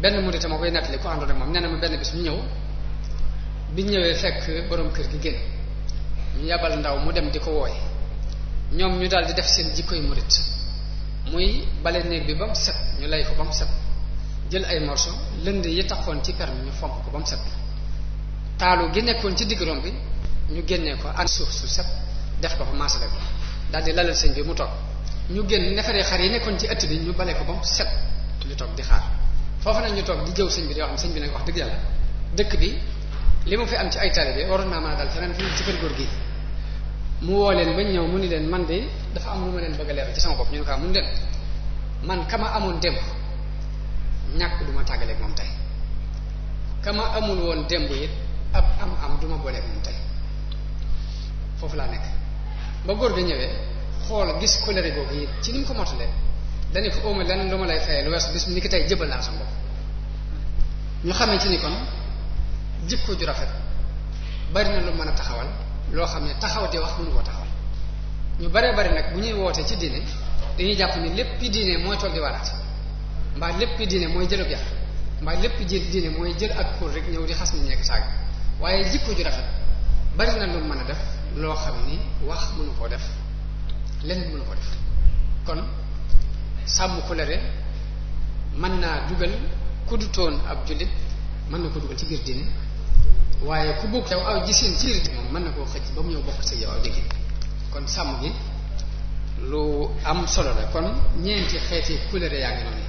B: benn mu di ma koy nettali ku àndoon ak moom nee na benn bis mu ñëw biñ ñëwee fekk borom kër gi génn ñu yabal ndaw mu dem di ko wooye ñoom ñu daal di def seen jikkoy murit muy bale néeg bi ba mu set ñu lay ko ba mu set jël ay morso lënd yi taxoon ci permi ñu fomp ko ba mu set taalu gi nekkoon ci digg rom bi ñu génnee ko an suuf su set def ko fa maasale ko daal di lalal sëñ bi mu toog ñu génn neefere xar yi nekkoon ci ëtt bi ñu bale ko ba mu set ñu toog di xaar foofu nag ñu toog di jëw sëñ bi di wax sëñ bi nag wax dëgg yàlla dëkk bi li mu fi am ci ay taalibe waroon naa mën a dal feneen fi gi mu woo leen bañ ñëw mu ni leen man de dafa am lu ma leen bëgg a ci sama bopp ñu ne ko ah, mun leen man kama amoon démb ñàkk du ma tàggaleeg moom tey kama amul woon démb yi ab am am du ma moom tey foofu laa nekk ba góor ga ñëwee xool gis colère googu yi ci ni mu ko motalee dañu ko óoma lenn lu ma lay fayee lu weesu bis ni ki tey jëbal naa sama bopp ñu xamee ci ni kon jikko ju rafet bari na lu mën a taxawal loo xam ne taxaw di wax mënu koo taxawal ñu bare bari nag bu ñuy wootee ci diine dañuy jàpp ni lépp dine mooy toog di waaraat mbaa lépp diine mooy jëlub mbaa lépp jël diine mooy jël ak pour rek ñëw di xas ni nekk waaye jikko ju rafet bari na lu mën a def loo xam ni wax mënu koo def lenn mënu koo def kon sàmm kolere mën naa dugal ku dutoon ab jullit mën na ko dugal ci biir diine waaye ku bokk yow aw seen ci biir moom mën na koo xëcc ba mu ñëw bokk ci yow aw déggin kon sàmm gi lu am solo la kon ñeenti xeeti couleur yaa ngi noonu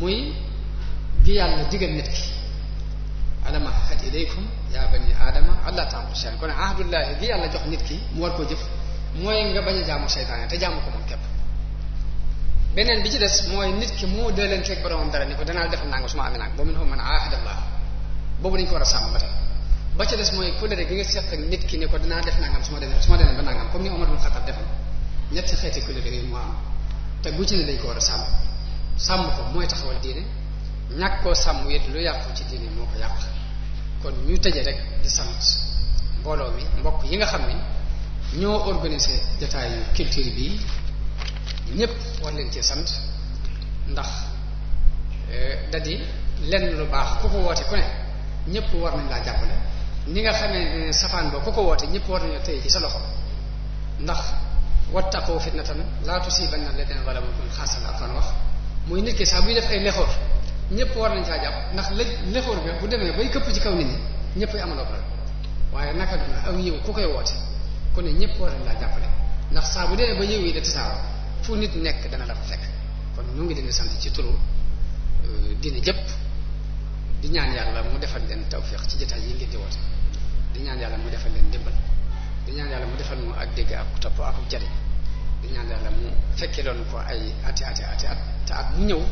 B: muy gi yàlla digal nit ki alama xat ilaykum yaa bani aadama allah taamu seen kon ahdullahi gi yàlla jox nit ki mu war koo jëf mooy nga bañ jàmmu jaamu seytaane te jaamu ko moom képp beneen bi ci des mooy nit ki moo dëlanteeg boromam dara ni ko danaa defal naa nga su ma amee naa ko mu ne ko boobu dañ ko war a sàmm ba tey ba ca des mooy kóllëre gi nga seq ak nit ki ne ko dinaa def nangam su ma demee su ma demee ba nangam comme ni Omar ibn Khattab defoon ñetti xeeti te gu ci ne dañ ko war a sàmm sàmm ko mooy taxawal diine ñàkk koo sàmm lu yàqu ci diine moo ko yàq ñu tëje rek di mbooloo mi mbokk yi nga xam ne ñoo organisé jataayu culture bi ñëpp war leen cee sant ndax euh, da di lenn lu baax ku ko woote ku ne ñëpp war nañ laa jàppale ni nga xamee ne safaan ba ku ko woote ñëpp war nañoo téye ci sa loxo ndax wattaqoo fitnatan laa tusiibanna alladhiina zalamu minkum xaassatan alxuraan wax muy nit ki sax buy def ay lexoor ñëpp war nañ caa jàpp ndax lé lexoor bi bu demee bay këpp ci kaw nit ñi ñëpp ay amandoo problème waaye naka duna aw yiw ku koy woote ku ne ñëpp war nañ laa jàppale ndax saa bu demee ba yiw yi da tasaaroo fu nit nekk dana la fekk kon ñu ngi leen sant ci turu euh, dina jëpp di ñaan yàlla mu defal leen tawféex ci jotaay yi ngeen di woote di ñaan yàlla mu defal leen dimbal di ñaan yàlla mu defal mu ak dégg ak topp ak jariñ di ñaan yàlla mu fekkee doon ko ay ati ati ati at te at mu ñëw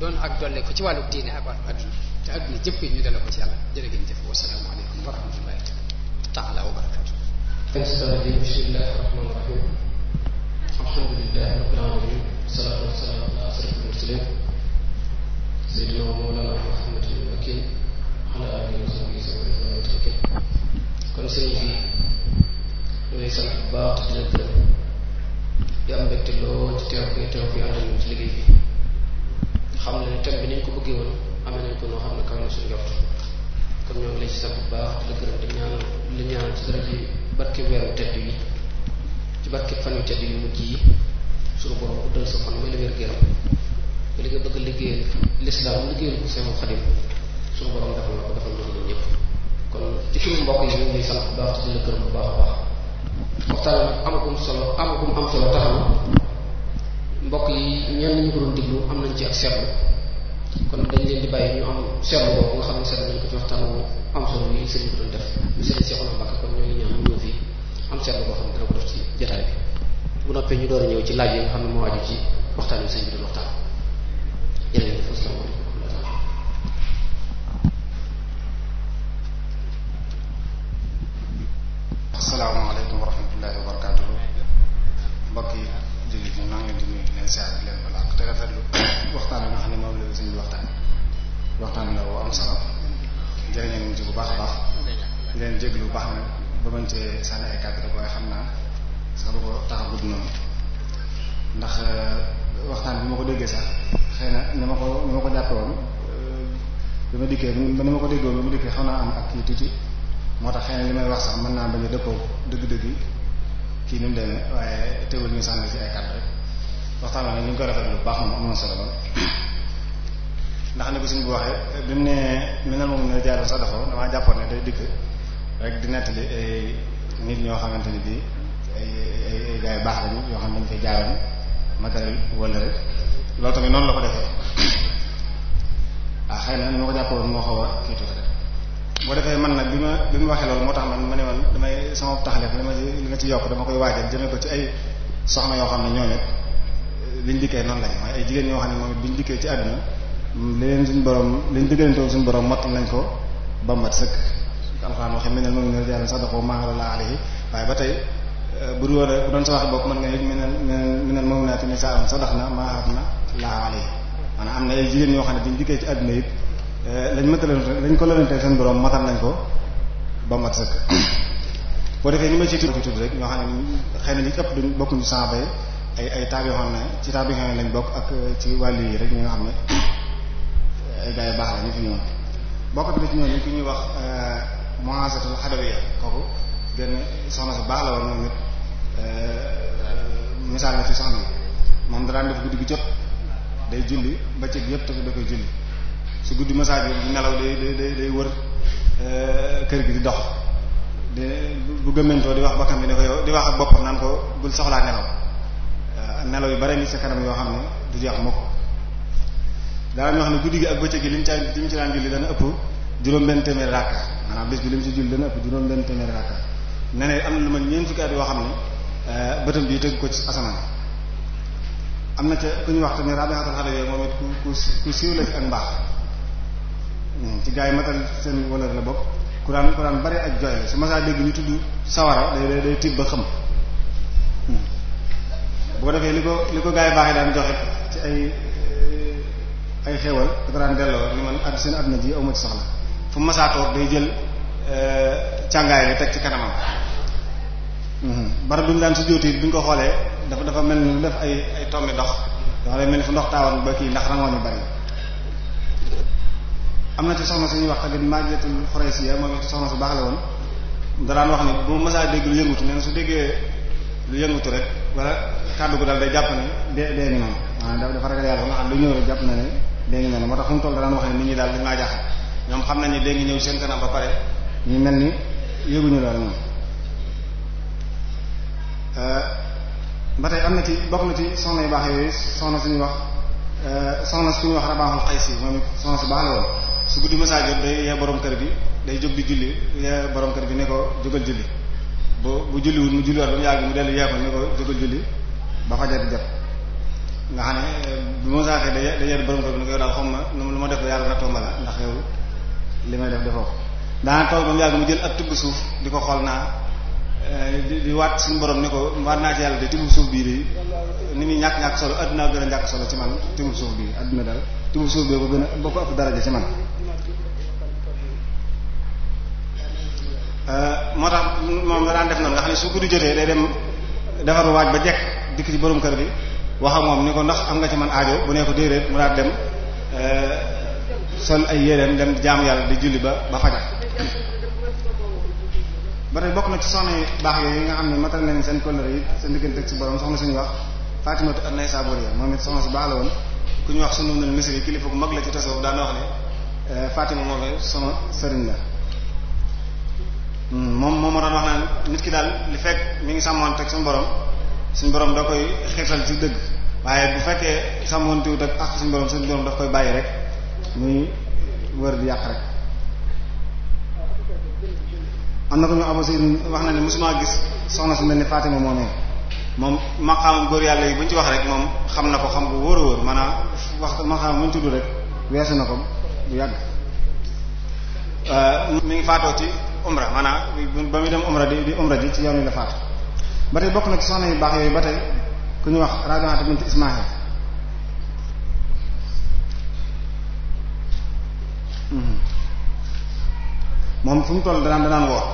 B: doon ak dolle ko ci wàllu diine ak wàllu adduna te adduna jëpp yi ñu dala ko ci yàlla jërë ngeen jëf wasalaamaaleykum wa rahmatullahi taala wa barakatu astaji bismillahi rahmani rahim
C: alhamdulilahi rabbil alamin wasalaatu wasalaamu ala asrafil mursalin سيدنا مولانا محمد المكي على آله وصحبه وسلم kon sëñ bi ñooy sant bu baax di la gërëm di am mbégte lool ci teew bi teew bi ànd nañu ci liggéey bi xam ne thème bi ni ko bëggee woon amee nañ ko noo xam ne kaw na suñu jot kon ñoo ngi lay ci sant bu baax di la gërëm di ñaanal di ñaanal ci dara ji barke weeru tedd yi ci barke fan yu tedd yu mujj yi suñu borom uddal sa fan may la wér ba li nga bëgg liggéeyal lislaam liggéeyal ko Seexul Xadim suñu borom defal na ko defal na ko ñun ñëpp kon ci suñu mbokk yi ñu ngi sant bu baax di la gërëm bu baax a baax waxtaan amagum solo amagum am solo taxaw mbokk yi ñenn ñu ko doon diglu am nañ ci ak seetlu kon dañ leen di bàyyi ñu am seetlu boobu nga xam ne seetlu nañ ko ci waxtaan wu am solo yi sëñ bi doon def sëñ Seexul Mbàkke kon ñoo ngi ñaan mu ñëw fii am seetlu boo xam ne dana ko def ci jotaay bi bu noppee ñu door a ñëw ci laaj yi nga xam ne moo aju ci waxtaan wi sëñ bi doon waxtaan والسلام
D: dikkee ba ni ma ko déggoo ba mu dikkee xaw naa am ak kii tuuti moo tax xëy na li may wax sax mën naa bañ a dëppoo dëgg-dëgg kii ni mu demee waaye teewul ñu sànni ci ay kàddu rek waxtaan na ñu ngi ko rafetlu bu baax moom am na solo lool ndax ne ko suñ bu waxee bi mu nee mi ne moom ne jaarul sax dafa damaa jàppoon ne day dikk rek di nettali ay nit ñoo xamante ni bii ay ay ay gars yu baax lañu yoo xam ne dañ fay jaaroon matériel wala rek loolu tamit noonu la ko defee ah xëy na ni ma ko jàppee woon moo xaw a kii tuuti rek defee man nag bi ma bi ma waxee loolu moo tax man ma ne woon damay sama taxaleef li ma ci yokk dama koy waajal jëmee ko ci ay soxna yoo xam ne ñooñu eh, liñ dikkee noonu lañ ay jigéen ñoo xam ne moom biñ dikkee ci àdduna leen suñ borom liñ diggantewoon suñ borom mott nañ ko ba mat sëkk alxuraan waxe minal mu'minina rijaalun sadaqu maa ahadullaha alayhi waaye ba tey eh, bu doon sa wax bokk mën nga yëg minal minal mu'minaati nisaa'un sadaqna maa ahadna laa alayhi maanaam am na ay jigéen ñoo xam ne di ñu dikkee ci àdduna it eh, lañ mataloon lañ ko lëlantee seen borom matal nañ ko ba mat sëkk boo defee ni ma ci tudd rek ñoo xam ne xëy na li ëpp duñ bokkuñu saaba yi ay ay taab ci taab yoo lañ bokk ak eh, ci wàllu yi rek ñi nga xam ne eh, ay gars yu baax la ñu fi ñëwoon bokkat na ci ñoom ki ñuy wax muasatul xadawiya kooku genn soxna su baax la woon moom it misaal na ci soxna moom daan def guddi gi jot day julli bëccëg yépp da koy julli su guddi message bi nelaw day day day wër euh, kër gi di dox di bu gëmmentoo di wax bokkam bi ne ko yow di wax ak boppam naan ko soxlaa nelaw euh, nelaw yu bare kanam yoo xam du jeex mukk daanañu wax ne guddi gi ak bëccëg gi liñ ca liñ ci daan julli dana ëpp juróom benn téeméeri rakka maanaam bés bi liñ ci julli dana ëpp juróom benn téeméeri rakka ne ne am na lu ma ñeent fukki at yoo xam ne euh, bëtam bii tëgg ko ci asamaan am na ca ku ñu wax tamit Rabi'atul Hadawi moom it ku ku siiw la ci ak mbaax hmm, ci gaa yi matal seen wëlër la bokk ku daan ku daan bari ak jooy la masaa dégg ñu tudd sawara ba xam hmm. defee li ko li ko gaa yi baaxee daan ci ay ay xéewal da ko daan delloo ñu man at seen àdduna ji awma ci soxla fu masaa toog day jël eh, càngaay bi teg ci kanamam Mhm. barab bu ñu daan sujjóoti duñ ko xoolee dafa dafa mel ni def ay ay tommi ndox yoo xam ne mel fu ndox taawoon ba kii ndax rangoon yu bari am na ci soxna suñuy wax tamit Maajatul Xuraysiya moom it su baax la woon daraan wax ni bu masaa dégg lu yëngutu neen su lu yëngutu rek wala kàddu gu daal day jàpp ne dee dee ngi noonu maanaam dafa ragal yàlla nga xam lu ñëw na ne moo tax fu mu toll daraan wax ne daal dañ maa jaaxal ñoom xam nañ ne dee ngi ñëw seen kanam ba pare ñu mel ni yëguñu loolu moom Euh, ba tey am na ci bokk na ci soxna yu baax yooyu soxna suñu wax euh, soxna suñu wax rabaaxul xay si moom it soxna su baax la su guddi masa jot day yee borom kër bi day jóg di julli yee borom kër bi ne ko jógal julli bu bu julliwul mu julliwaat ba mu yàgg mu dellu ne ko jógal julli ba fajar di jot nga xam ne bu ma saaxee da da yar borom kër bi ne ko yow daal xam ma lu ma def la yàlla nattoo ma la ndax yow li may def defoo ko daana toog mu yàgg mu jël ab tibb suuf di ko xool naa Eh, di di waat suñu borom ne ko waat naa ci yàlla de tibb suuf bii de ni muy ñàkk ñàkk solo addunaa gën a ñàkk solo ci man tibb suuf bii àdduna dara tibb suuf bii ko gën a ba ko ëpp daraja eh, moo tax moom la daan def noonu nga su guddi jotee day dem defaru waaj ba jekk dikk ci borom kër bi wax ak ni ko ndax am nga ci man aajo bu ne ko déedéet mu daal dem eh, sol ay yéreem dem jaamu yàlla di julli ba ba fajar. ba tey bokk na ci soxna yu baax yooyu nga xam ne matal nañ seen kóllëre yi seen diggante ak si borom soxna suñu wax Fatimatu an-Naysaburiya moom it soxna su baax woon ku ñu wax sunu nal misri kilifa gu mag la ci tasawuf daana wax ne eh, Fatima moom sama sëriñ la hmm, moom moo doon wax naan nit ki daal li fekk mi ngi sàmmoonte ak suñu borom suñu borom da koy xeetal ci dëgg waaye bu fekkee sàmmoonte ak ak suñu borom suñu borom daf koy bàyyi rek muy wër bi yàq rek am na ko ñu Abu Sayyid wax na ne mosuma gis soxna su mel ni Fatima moomee moom maqaamam góor yàlla yi bu ñu ci wax rek moom xam na ko xam bu wóor a wóor maanaam wax maqaam bu ñu tudd rek weesu na ko bu yàgg euh, mi ngi faatoo ci umra a ba muy dem umra di umra ji ci yoon wi la faatu ba tey bokk na ci soxna yu baax yooyu ba tey ku ñu wax Rabi'atu bint Ismaïl hmm. moom fu mu toll danaan danaan woor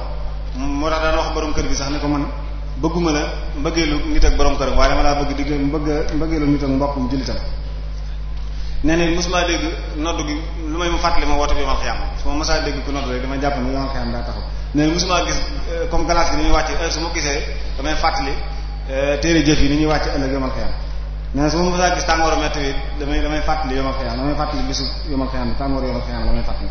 D: moo tax daan wax borom kër gi sax ne ko man bëgguma la mbëggeelu nit ak borom këram waaye dama laa bëgg digg mbëgg mbëggeelu nit ak mbokkum jullitam nee na mosumaa dégg nodd gi lu may mu fàttali ma woote bi yomal xiyam su ma mosaa dégg ku nodd rek dama jàpp ne yomal xiyam daa taxaw nee na mosumaa gis euh, comme glace gi ni ñuy wàcc heure su ma gisee damay fàttali euh, téere jëf yi ni ñuy wàcc ëllëg yomal xiyam nee na su ma mosaa gis tàngooru metti bi damay damay fàttali yomal xiyam damay fàttali bisu yomal xiyam bi tàngooru yomal xiyam la may fàttali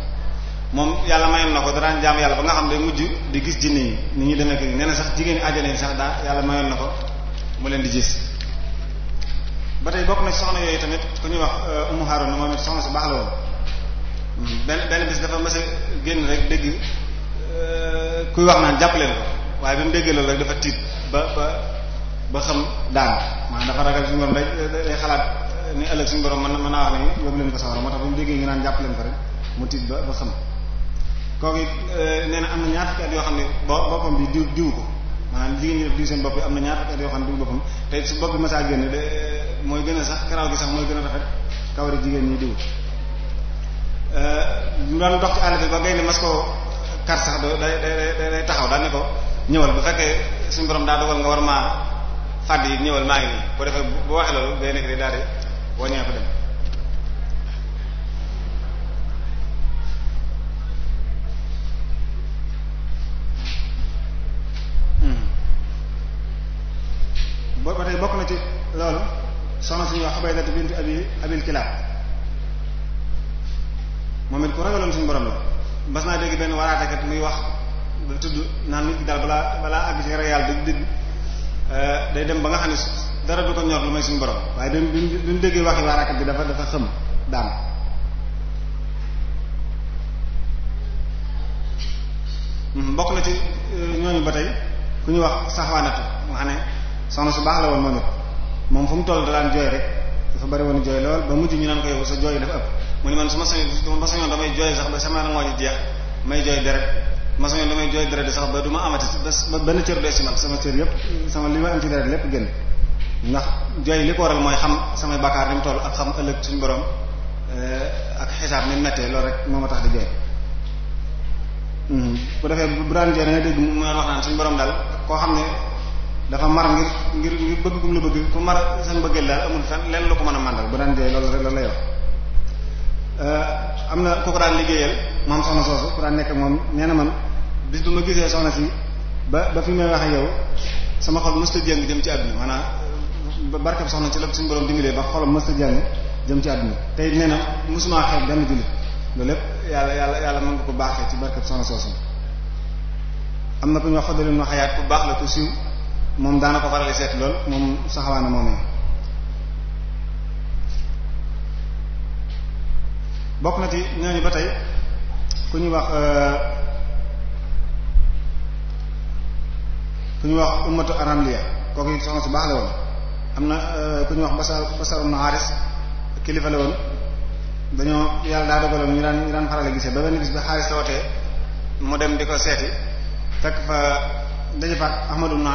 D: moom yàlla mayoon na ko daraan jaam yàlla ba nga xam ne mujj di gis jinne yi ni ñuy demee kii nee na sax jigéen ajjana yi sax daa yàlla mayoon na ko mu leen di gis. ba tey bokk na ci soxna yooyu tamit ku ñuy wax Umu euh, Harun moom it soxna si baax la woon benn benn bis dafa mës génn rek dégg euh, kuy wax naan jàppale ko waaye bi mu déggee loolu rek dafa tiit ba ba ba xam daan maanaam dafa ragal suñu borom day xalaat euh, ni ëllëg suñu borom mën mën naa wax ne yóbbu moo tax ba ñu naan jàppale ko rek mu tiit ba ba kooku it eh, nee na am na ñaar fukki at yoo xam ne boppam bi diw diw ko maanaam jigéen ñi def diw seen bopp am na ñaar fukki at yoo xam ne diw boppam te su bopp bi masaa génn eh, mooy gën a sax karaw gi sax mooy gën a rafet kawari jigéen ñi diw eh, doon dox ci àll bi ba gaynde mas ko kar sax do day day day taxaw daal ne ko ñëwal bu fekkee suñu borom daa dogal nga war maa fàdd yi ñëwal maa ngi nii bu defee bu waxee loolu day nekk di daal di ko dem boo tey bokk na ci loolu soxna suñu wax Ubayda bint Abi Abil Kilaab moom it ku ragaloon suñu borom la bas naa dégg benn waraatekat muy wax da tudd naan nit ki daal balaa balaa àgg ci réyal dëgg euh, day dem ba nga xam ne dara du ko ñor lu may suñu borom waaye bi mu bi mu déggee waxi waraatekat bi dafa dafa xëm daan hmm, bokk na ci euh, ñooñu ba tey ku ñu wax saxwaanatu nga xam ne soxna su baax la woon moom it moom fu mu toll daan jooy rek dafa bari woon jooy lool ba mujj ñu naan ko yow sa jooy dafa ëpp mu ni man su ma sañoon ma sañoon damay jooy sax ba sama ngooñ may jooy deret ma sax ba du ma amati ba benn cër des ci man sama cër yëpp sama li ma am ci deret lépp génn ndax jooy li ko waral mooy xam samay bakkaar ni mu toll ak xam ëllëg suñu borom eh, ak xisaab ni mettee loolu rek moo ma tax di jooy hmm. bu defee bu daan jooy da nga dégg mu koo xam dafa mar ngir ngir ngir bëgg gum la bëgg ku mar sa mbëggeel daal amul fan lenn lu ko mën a màndal bu daan dee loolu rek la lay wax am na ku ko daan liggéeyal moom soxna soosu ku daan nekk moom nee na man bis bu ma gisee soxna si ba ba fi may wax yow sama xol mësta jàng jëm ci àdduna maanaam barkab soxna ci la suñu borom dimbalee ba xolam mësta jàng jëm ci àdduna tey nee na mosuma xeeb benn jullit lépp yàlla yàlla yàlla mën nga ko baaxee ci barkab soxna soosu am na ku ñu wax xodalin waxayaat ku baax la ku siiw moom daana ko faral di seet lool moom saxawaana moomee bokk na ci ñooñu ba tey ku ñu wax euh, ku ñu wax ummatu aramliya kooku yi soxna su baax la woon am na euh, ku ñu wax basar basaru na xaaris kilifa la woon dañoo yàlla daa dogaloon ñu daan ñu daan faral di gisee ba benn bis bi xaaris la wotee mu dem di ko seeti fekk fa daje fa Ahmadu ibn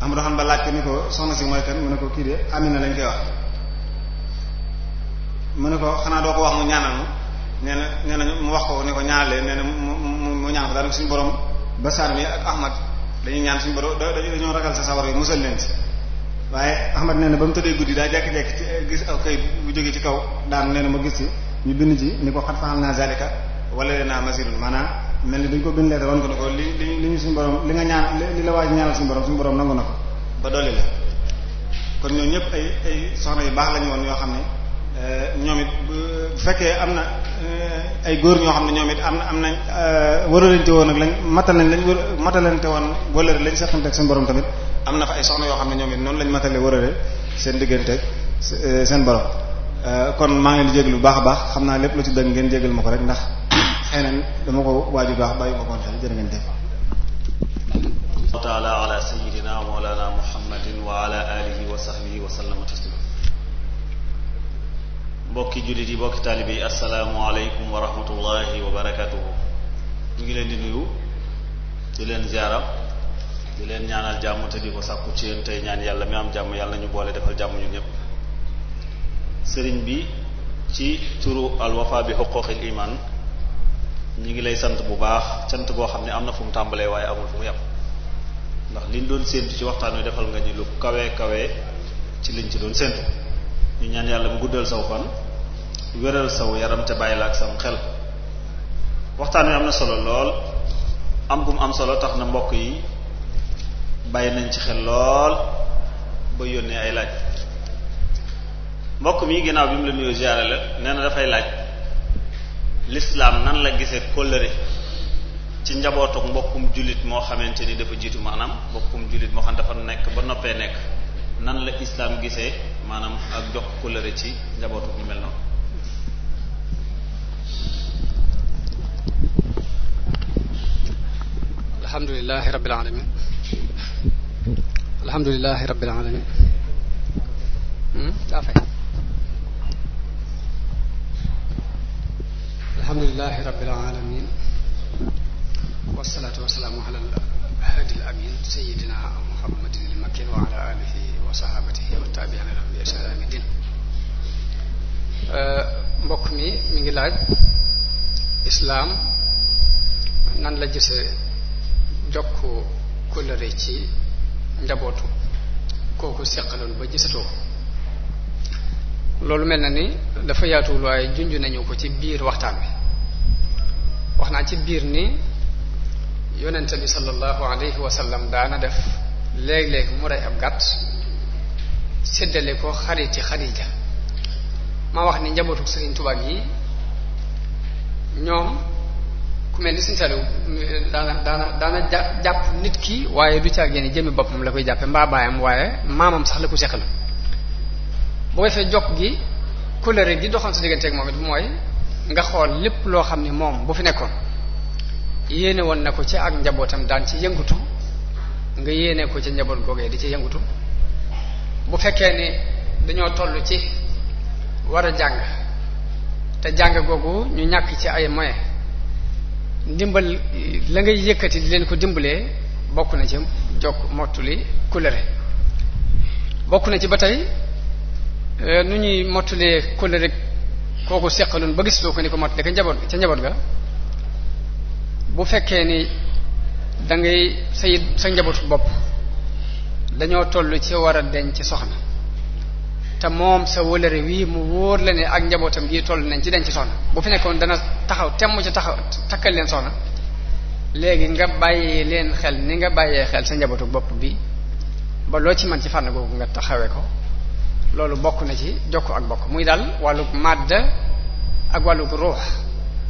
D: am xam ba laaj ko ni ko soxna si mooy kan mu ne ko kii de Amina lañ koy wax mu ne ko xanaa doo ko wax mu ñaanal mu nee na na mu wax ko ne ko ñaanalee nee na mu mu mu ñaan ko daanaka suñu borom ba Bassar mi ak Ahmad dañu ñaan suñu borom dañoo ragal sa sawar yi musal leen si. waaye Ahmad nee na ba mu tëddee guddi daa jékki-jékki ci gis aw kayit bu jógee ci kaw daan nee na ma gis ci ñu bind ci ni ko xat faxal naa zalika wala naa masirun maanaam. mel ni bi ñu ko bind leetar wan ko ne ko li li ñu suñu borom li nga ñaan li la waaj ñaanal suñu borom suñu borom nangu na ko ba dolli la kon ñooñu ñëpp ay ay soxna yu baax la ñu woon yoo xam ne eh, ñoom it bu fekkee am na eh, ay góor ñoo xam ne ñoom it am na am nañ eh, wëralante woon ak lañ matal nañ lañ wër matalante woon wërale lañ saxante ak seen borom tamit am na ay soxna yoo xam ne ñoom it noonu lañ matale wërale seen diggante seen borom kon maa ngi leen di baax a baax xam naa lépp lu ci dëgg ngeen jégal ma ko rek ndax xëy na dama ko waaju baax bàyyi ma koon xel jërë ngeen jëf
E: wa taala ala sayidina mawlana muhammadin wa ala alihi wa sahbihi jullit yi mbokki taalibe yi assalaamu aleykum wa rahmatullahi wa ngi leen di nuyu ci leen ziara di leen ñaanal jàmm te di ko sàkku ci yéen tey ñaan yàlla mi am jàmm yàlla ñu boole defal jàmm ñu ñëpp sëriñ bi ci turu alwafa bi xuquqil iman ñi ngi lay sant bu baax sant boo xam ne am na fu mu tàmbalee waaye amul fu mu yem ndax liñ doon séentu ci waxtaan wi defal nga ñu lu kawee kawe ci liñ ci doon séentu ñu ñaan yàlla mu guddal saw fan wéral saw yaram te bàyyi la ak sam xel waxtaan wi am na solo lool am bu am solo tax na mbokk yi bàyyi nañ ci xel lool ba yónnee ay laaj mbokk mi ginnaaw bi mu la nuyoo ziyaare la nee dafay laaj l'islam nan la gisee kóllëre ci njabootuk mbokkum jullit moo xamante ni dafa jiitu maanaam mbokkum jullit moo xam dafa nekk ba noppee nekk nan la islam gisee maanaam ak jox kóllëre
B: ci njabootuk ñu mel noonu alhamdulilahi rabbil alamin alhamdulilahi rabbil alamin hmm? alhamdulilahi rabbil alamin wasalaatu wasalaamu ala alhaadi al amin sayidina muhammadin al makin wa ala alihi wa sahabatihi wa tabiina lahum bi ihsaan din euh, mbokk mi mi ngi laaj islaam nan la gise jokk kóllëre ci njabootu kooku seqaloon ba gisatoo loolu mel na ni dafa yaatuwul waaye junju nañu ko ci biir waxtaan bi wax naa ci biir ni yonente bi sallallahu alayhi wa sallam daana def léeg-léeg mu rey ab gàtt séddale ko xariti Xadija ma wax ni njabootu Sëriñ Tuubaa yi ñoom ku mel ni Sëriñ Saliou daana daana daana jàpp nit ki waaye du caa génne jëmmi boppam la koy jàppe mbaa baayam waaye maamam sax la ko seqal bu ko defee jokk gi kóllëre gi doxoon sa digganteeg moom it mooy nga xool lépp loo xam ne moom bu fi nekkoon yéene woon na ko ci ak njabootam daan ci yëngutu nga yéene ko ci njaboot googee di ci yëngutu bu fekkee ni dañoo toll ci war a jàng te jàng googu ñu ñàkk ci ay moyens ndimbal la ngay yëkkati di leen ko dimbalee bokk na ci jokk mottuli kóllëre bokk na ci ba tey Euh, nu ñuy mottalee kóllëre rek kooku seqaloon ba gis soo ko ni ko mottalee ka njaboot ca njaboot ga bu fekkee ni da ngay sa njabootu bopp dañoo toll ci war a denc ci te moom sa wii mu wóor la ak njabootam gii toll nañ ci denc soxna bu fi nekkoon dana taxaw temm ci taxaw takkal leen soxna léegi nga bàyyee leen xel ni nga bàyyee xel sa njabootu bopp bi ba loo ci man ci fànn googu nga taxawee ko loolu bokk na ci jokk ak bokk muy daal wàllug màdd ak wàllug ruux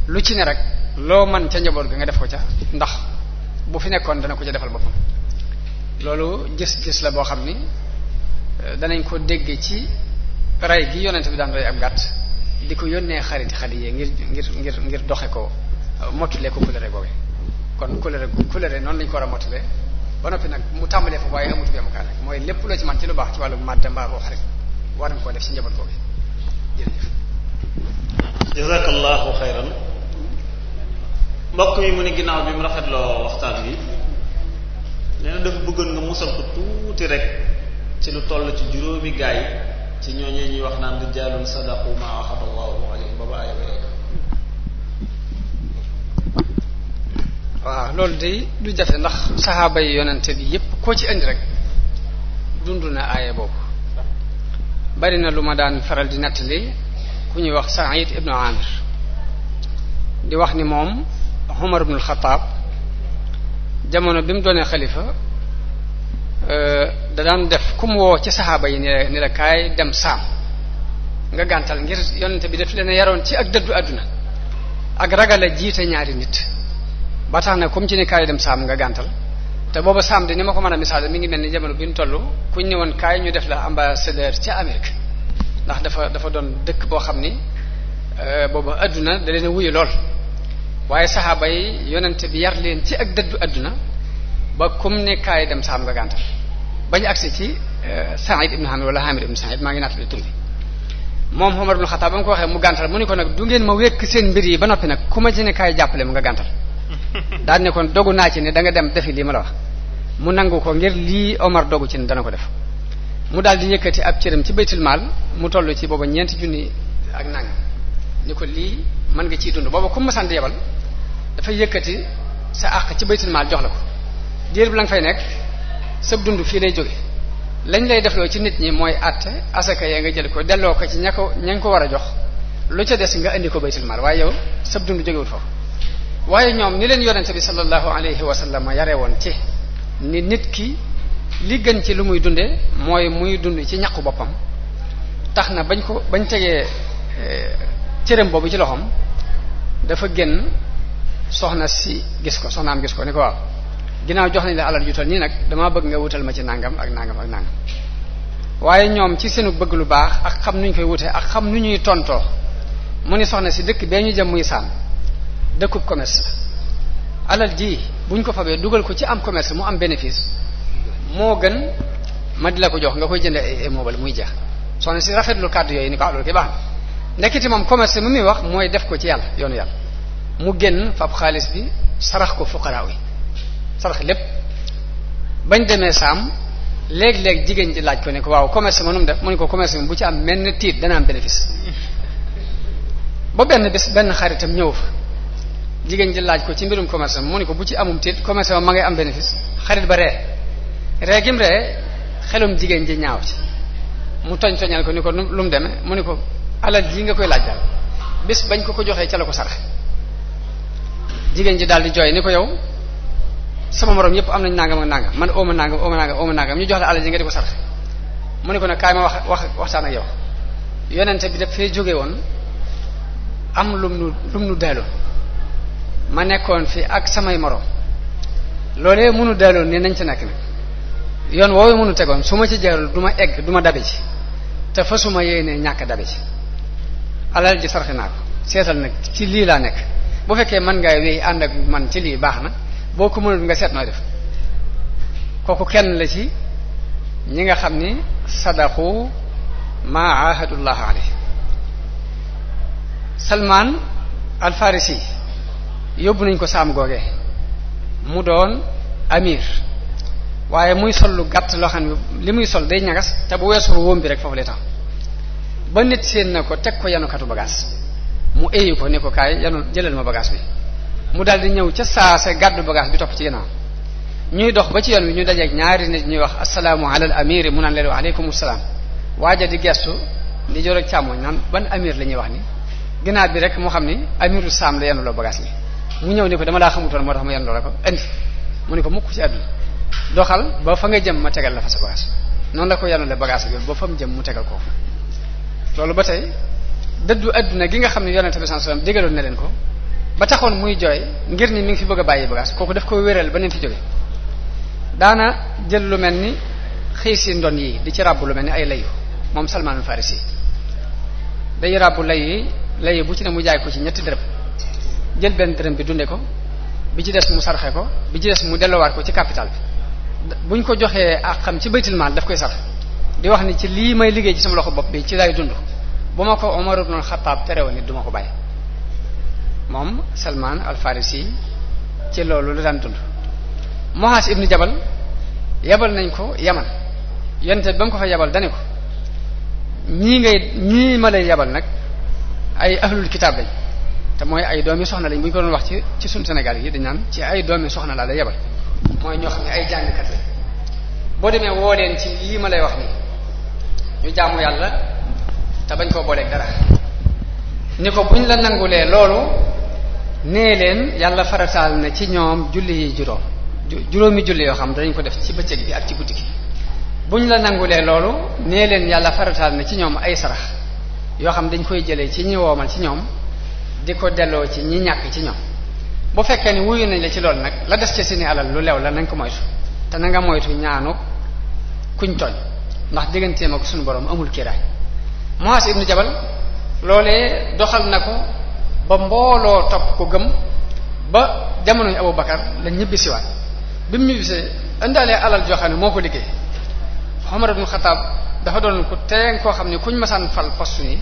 B: lu ci ne rek loo man ca njaboot ga nga def ko ca ndax bu fi nekkoon dana ko ca defal boppam loolu gis-gis la boo xam ni euh, danañ ko dégg ci rey gi yonent bi daan rey ab gàtt di ko yónnee xarit xadiyee ngir ngir ngir ngir doxe ko euh, mottule ko kulere googe kon kulere kulere noonu lañ ko war a mottule ba noppi nag mu tàmbalee fa waaye amutu bi amukaan rek mooy lépp loo ci man ci lu baax ci wàllu màdd mbaa rek war nañ koo def si njaboot googu jërëjëf
E: jazakallahu xayran mbokk mi mu ne ginnaaw bi mu rafetloo waxtaan bi nee na dafa bëggoon nga musal ko tuuti rek ci lu toll ci juróomi gaay ci ñooñu ñuy wax naan
B: rijaalun sadaqu ma ahadallahu alayhi ba ba waaw loolu day du jafe ndax saxaaba yi yonente bi koo ci indi dund na aaye boobu bari na lu ma daan faral di nettali ku ñuy wax Saïd ibnu Amir di wax ni moom Umar ibnul Xataab jamono bi mu doonee xalifa euh, da daan def ku mu woo ci saxaaba yi ni la kaay dem saam nga gàntal ngir yonente bi daf leen yaroon ci ak dëddu àdduna ak ragala jiite ñaari nit ba tax na comme ci ni kaay dem saam nga gàntal te booba samedi ni ma ko mën a misaale mi ngi mel ni jamono bi ñu toll ku ñu kaay ñu def la ambassadeur ca Amérique ndax dafa dafa doon dëkk boo xam ni euh, booba adduna da leen a wuyu lool waaye saxaaba yi yonente bi yar leen ci ak dëddu adduna ba kum nekkaay kaay dem saam nga gàntal bañu agsi ci euh, Saïd ibn Hamid wala Hamid ibn Saïd maa ngi naatale tur bi moom Omar ibn Khattab ba mu ko waxee mu gàntal mu ni ko nag du ngeen ma wekk seen mbir yi ba noppi nag ku ma ci ne kaay jàppale mu nga gàntal daal ne kon dogu naa ci ne da dem defi lii ma la wax mu nangu ko ngir lii Omar dogu ci ne dana ko def mu daal di yëkkati ab cëram ci baytul mu toll ci booba ñeenti junni ak nang ni ko lii mën nga ciy dund booba ku ma sant yebal dafay yëkkati sa àq ci baytul jox la ko diir bi lañ fay nekk sëb dund fii lay jóge lañ lay def defloo ci nit ñi mooy àtte asaka ya nga jël ko delloo ko ci ña ko ñañ ko war a jox lu ca des nga indi ko baytul maal waaye yow sëb dund jógewul foofu waaye ñoom ni leen yonente bi sallallahu alayhi wa sallam yare woon ci nit ki li gën ci lu muy dunde mooy muy dund ci ñaqu boppam tax na bañ ko bañ tegee eh, cëram boobu ci loxoom dafa génn soxna si gis ko soxnaam gis ko ni ko waaw ginnaaw jox nañ la alal jutal nii nag damaa bëgg nga wutal ma ci nangam ak nangam ak nangam waaye ñoom ci seenu bëgg lu baax ak xam nuñ koy wutee ak xam nu ñuy tontoo mu ni soxna si dëkk bee ñu jëm muy saan dëkkub commerce la alal ji buñ ko fabee dugal ko ci am commerce mu am bénéfice moo gën ma di la ko jox nga koy jënd ay mobile muy jeex soxna si rafetlu kàddu yooyu ni ko loolu ki baax na nekkiti moom commerce mi muy wax mooy def ko ci yàlla yoonu yàlla mu génn fab xaalis bi sarax ko fuqaraaw yi lépp bañ demee saam léeg-léeg jigéen ji laaj ko ne waaw commerce ma nu mu def mu ne ko commerce mi bu ci am menn tiit dana am bénéfice ba benn bés benn xaritam ñëw jigéen ji laaj ko ci mbirum commerce mu ni ko bu ci amum tiit commerce am ma ngay am bénéfice xarit ba ree ree gim ree xelum jigéen ji ñaaw ci mu toñ toñal ko ni ko lu mu demee mu ni ko alal ji nga koy laaj daal bés bañ ko ko joxee ca la ko sarax jigéen ji daal di jooy ni ko yow sama morom yépp am nañ nàngam ak nangam man ooma nangam ooma nangam ooma nangam ñu jox la alal ji nga di ko sarax mu ni ko nag kaay ma wax wax waxtaan ak yow yonente bi daf fee jóge woon am lum nu ma nekkoon fi ak samay morom loolee mënu daaloon ni nañ ci nekk nag yoon woowu mënu tegoon su ma ci jaarul du ma egg du ma dabe ci te fasuma yéene ñàkk dabe ci alal ji sarxe naa ko seetal nag ci lii laa nekk bu fekkee mën ngaa wéy ànd ak man ci lii baax na boo ko mënul nga seet nooy def kooku kenn la ci ñi nga xam ni sadaqu ma ahadullah alayhi salman al yóbbu nañ ko saam googee mu doon amir waaye muy sol lu gàtt loo xam ne li muy sol day ñagas te bu weesul wóom bi rek foofu lay tax ba nit seen na ko teg ko yanukatu bagage mu éyi ko ne ko kaay yanu jëlal ma bagage bi mu daal di ñëw ca saase gàddu bagage bi topp ci ginnaaw ñuy dox ba ci yoon wi ñu dajeeg ñaari nit ñuy wax asalaamu alal amiri mu naan leen wa salaam waaja di gestu di jor ak càmmoñ naan ban amiir la ñuy wax ni ginnaaw bi rek moo xam ni amiru saam la yanu loo bagage bi mu ñëw ne ko dama daa xamutoon moo tax ma yendoo la ko indi mu ne ko mukk ci àdduna doxal ba fa nga jëm ma tegal la fa sa bagage noonu la ko yàlla la bagage ak yoon ba fa mu jëm mu tegal ko loolu ba tey dëddu àdduna gi nga xam ne yonente bi sallallahu alayhi wasallam digaloon na leen ko ba taxoon muy jooy ngir ni mi ngi fi bëgg a bàyyi bagage kooku daf ko wéral ba neen fi jóge daana jël lu mel ni xiisi ndon yi di ci ràbb lu mel ni ay layu moom Salmaanul Farisi day ràbb lay yi bu ci ne mu jaay ko ci ñetti dërëm jël benn dërëm bi dunde ko bi ci des mu saraxee ko bi ci des mu dellowaat ko ci capital bi buñ ko joxee ak xam ci baytul daf koy sarx di wax ni ci lii may liggéey ci sama loxo bopp bi ci lay dund bu ma ko Omar ibn Khattab terewoon nit du ma ko bàyyi moom Salman al Farisi ci loolu la daan dund Muhaas ibn Jabal yabal nañ ko Yaman yonte ba mu ko fa yabal dane ko ñii ngay ñii ma lay yabal nag ay ahlul kitaab lañ te mooy ay doomi soxna lañ bu ñu ko doon wax ci ci suñu Sénégal yi dañ naan ci ay doomi soxna laa la yebal mooy ñoo xam ne ay jàngkat la boo demee woo leen ci lii ma lay wax nii ñu jaamu yàlla te bañ koo booleeg dara ni ko buñ la nangulee loolu nee leen yàlla farataal na ci ñoom julli yi juróom juróomi julli yoo xam dañ ko def ci bëccëg bi ak ci guddi gi buñ la nangulee loolu nee leen yàlla farataal na ci ñoom ay sarax yoo xam dañ koy jëlee ci ñi woomal ci ñoom di ko delloo ci ñi ñàkk ci ñoom bu fekkee ni wuyu nañ la ci lool nag la des ci seeni alal lu lew la nañ ko moytu te na nga moytu ñaanu kuñ tooñ ndax digganteem ak suñu borom amul kiiraay Muaz ibnu Jabal loolee doxal na ko ba mbooloo topp ko gëm ba jamonoy Abu Bakar la ñibbisiwaat bi mu ñibbisee indaalee alal joo xam ne moo ko liggéey a ibnu Xattaab dafa doon ku teen koo xam ne kuñ masaan fal poste nii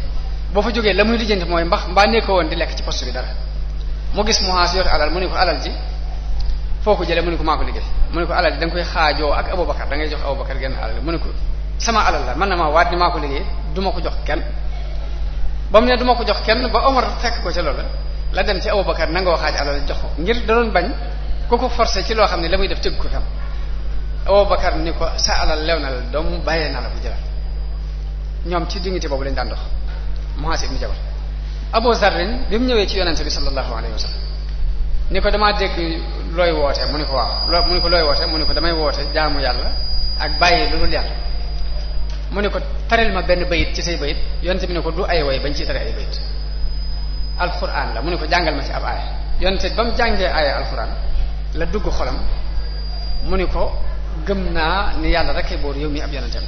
B: boo fa jógee la muy lijjanti mooy mbax mbaa nekkoo woon di lekk ci poste bi dara mu gis Muhaas yor alal mu ne ko alal di foo ko jëlee mu ne ko maa ko liggéey mu ne ko alal ji da koy xaajoo ak Abubakar da ngay jox Abubakar genn alal mu ne ko sama alal la mën na maa waat ni maa ko liggéey ko jox kenn ba ne du ko jox kenn ba Omar fekk ko ca loola la dem ci Abubakar nangoo xaaj alal jox ko ngir da doon bañ ku ko forcé ci loo xam ne la muy def tëgg ko xam Abubakar ni ko sa alal lew na la doom bàyyee naa la ko jëlal ñoom ci dignité boobu lañ daan dox Muaas ibn Jabal Abu Zarrin bi mu ñëwee ci yonente bi sallallahu alayhi wa sallam ni ko damaa dégg looy woote mu ni ko waaw mu ni ko looy woote mu ni ko damay woote jaamu yàlla ak bàyyi lu dul yàlla mu ni ko taril ma benn bayit ci say bayit yonente bi ne ko du ay woy bañ ci tare ay bayit alquran la mu ni ko jàngal ma ci ab aaya yonente ba mu jàngee aaya alquran la dugg xolam mu ni ko gëm naa ni yàlla rekk ay boor yow mi ab yonenteem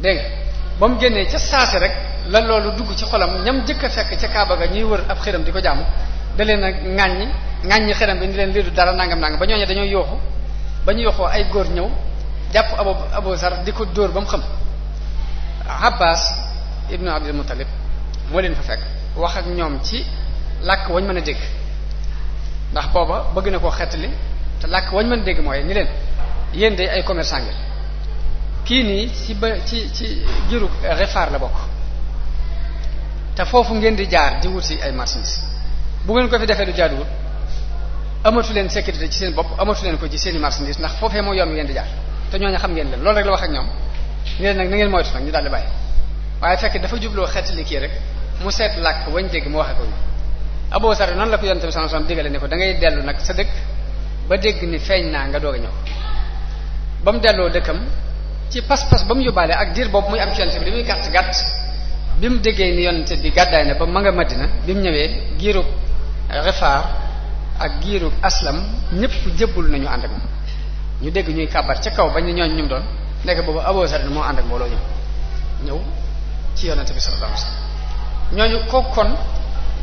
B: dégg nga ba mu génnee ca saasi rek la loolu dugg ci xolam ñam jëkk a fekk ca Kaaba ga ñuy wër ab xiram di ko jàmm da leen a ŋàññi ŋàññi xiram bi ni leen du dara nangam nangam ba ñooñu dañoo yooxu ba ñu yooxoo ay góor ñëw jàpp abo abo sar di ko dóor ba mu xam Abbas ibnu Abdul Muttalib moo leen fa fekk wax ak ñoom ci làkk wañ mën a dégg ndax booba bëgg na koo li te làkk wañ mën a dégg mooy ni leen yéen day ay commerçant ngeen kii nii ci ba ci ci giru rifaar la bokk te foofu ngeen di jaar di wut si ay marchandises bu ngeen ko fi defee du jaaduwul amatu leen sécurité ci seen bopp amatu leen ko ci seen i ndax foofee moo yomb ngeen di jaar te ñooñu xam ngeen leen loolu rek la wax ak ñoom ñu leen na ngeen moytu nag ñu daal di bàyyi waaye fekk dafa jubloo xet li kii rek mu seet làkk wañ dégg mu waxee ko ñu Abu Sarr noonu la ko yonent bi sallallahu alayhi wasallam digale ne ko da ngay nag sa dëkk ba dégg ni feeñ naa nga doog a ñëw ba mu delloo dëkkam ci pas-pas ba mu yóbbaale ak diir boobu muy am ci yonent bi li muy gàtt gàtt bi mu déggee ni yonent bi gàddaay na ba ma nga Madina bi mu ñëwee giirug Rifaar ak giirug Aslam ñëpp jëbbul nañu ànd ak moom ñu dégg ñuy kàbbar ca kaw bañ ne ñooñ ñu doon nekk boobu Abu Zarr moo ànd mbooloo ñëw ci yonent bi sallallahu alayhi wasallam ñooñu kooku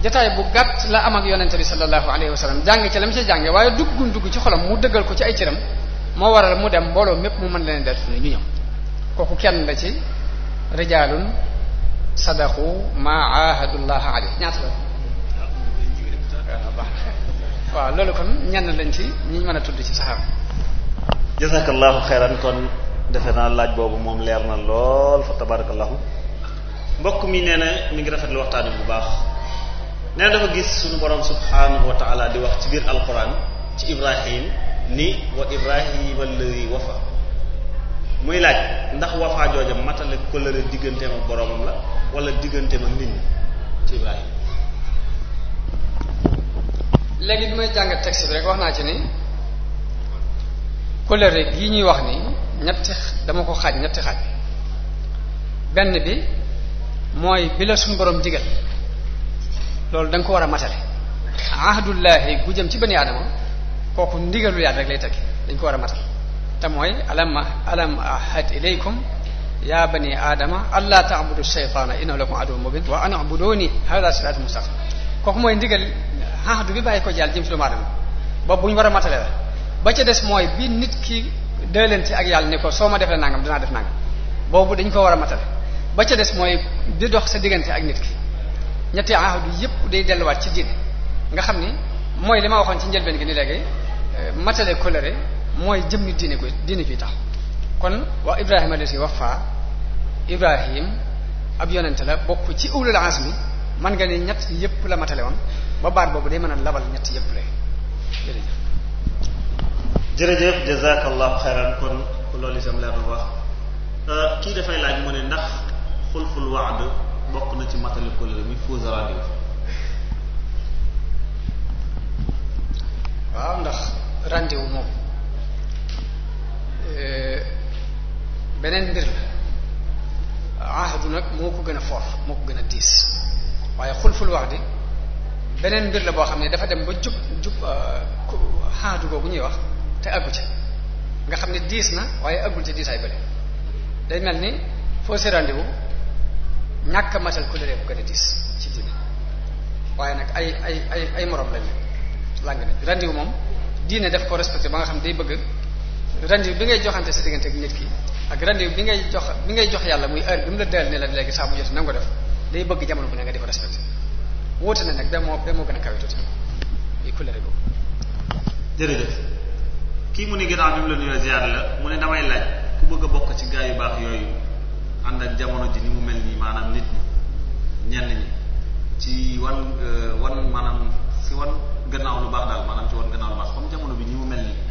B: jataay bu gàtt la am ak yonent bi sallallahu alayhi wasallam jàng ci la mu ci jànge waaye duggum dugg ci xolam mu dëggal ko ci ay cëram moo waral mu dem mbooloo mépp mu mën leen def fu ñu ñëw kooku kenn la ci rijaalun sadaqu maa ahadullaha alayhi ñaata la waaw waaw loolu kon ñenn lañ ci ñi mën a tudd ci saxaaba jazakallahu xeyran
E: kon defe naa laaj boobu moom leer na lool fa tabarakallahu mbokk mi nee na mi ngi rafetlu waxtaan bu baax nee na dafa gis suñu boroom subhanahu wa di wax ci biir alquran ci ibrahim ni wa ibrahima alladi wafa muy laaj ndax wafaa jooja matale kóllëre digganteem ak boroomam la wala
B: digganteem ak nit ñi ci Ibrahima léegi bi may jàngat texte bi rek wax naa ci ni kóllëre gii ñuy wax ni ñetti dama ko xaaj ñetti xaj benn bi mooy bi la suñu borom digal loolu da ko war a matale ahdullahi gu jëm ci bani aadama kooku ndigalu yàlla rek lay tekki dañ ko war a matal te mooy alam alam ahad ilaykum ya bani aadama allah taabudu shaytaana innahu lakum aduwwun mubin wa an abuduni hada siraatu mustaqim kooku mooy ndigal ahdu bi bàyyi ko jàll jëm ci doomu aadama boobu bu ñu war a matale la ba ca des mooy bi nit ki dëlante ak yàlla ni ko soo ma defee nangam dinaa def nangam boobu dañ ko war a matale ba ca des mooy di dox sa diggante ak nit ki ñetti ahdu yépp day delluwaat ci diine nga xam ni mooy li waxoon ci njëlbeen gi ni léegi matale mooy jëmmi diine ko diine ji tax kon wax ibrahima allati wafa ibrahim ab yonente la bokk ci ulul azmi man nga ne ñett yëpp la matale woon ba baat boobu de mën a labal ñett yépp la
E: jërëjëf jërëjëf jazakallahu xayran kon loolu itam laa doon wax kii dafay laaj mu ne ndax xulful waad bokk
B: ndax rendez moom beneen mbir la ahdu nag moo ko gën a for moo ko gën a diis waaye xulful wax di beneen mbir la boo xam ne dafa dem ba jub jub euh, ahdu googu ñuy wax te àggu ca nga xam ne diis na waaye àggul ci diisaay bële day mel ni foo si rendez ñàkk matal coloré bu gën a diis ci diine waaye nag ay ay ay ay morom lañ la làng nañ rendez-vous moom diine daf ko respecté ba nga xam ne day bëgg rendez-vous bi ngay joxante sa diggante ak nit ki ak rendez-vous bi ngay jox bi ngay jox yàlla muy heure bi mu la dal ne léegi saa bu jot na nga ko def day jamono bu ne nga di na moo gën a kawe tuuti yi kulere boobu
E: jërëjëf kii mu ne ginnaaw bi mu la nuyoo ziar la mu ne damay laaj ku bëgg a bokk ci gaa yu baax yooyu ànd ak jamono ji ni mu mel nii maanaam nit ñi ñenn ñi ci wan euh, wan maanaam si wan gannaaw lu baax daal maanaam ci wan gannaaw lu baax comme jamono bi ni mu mel nii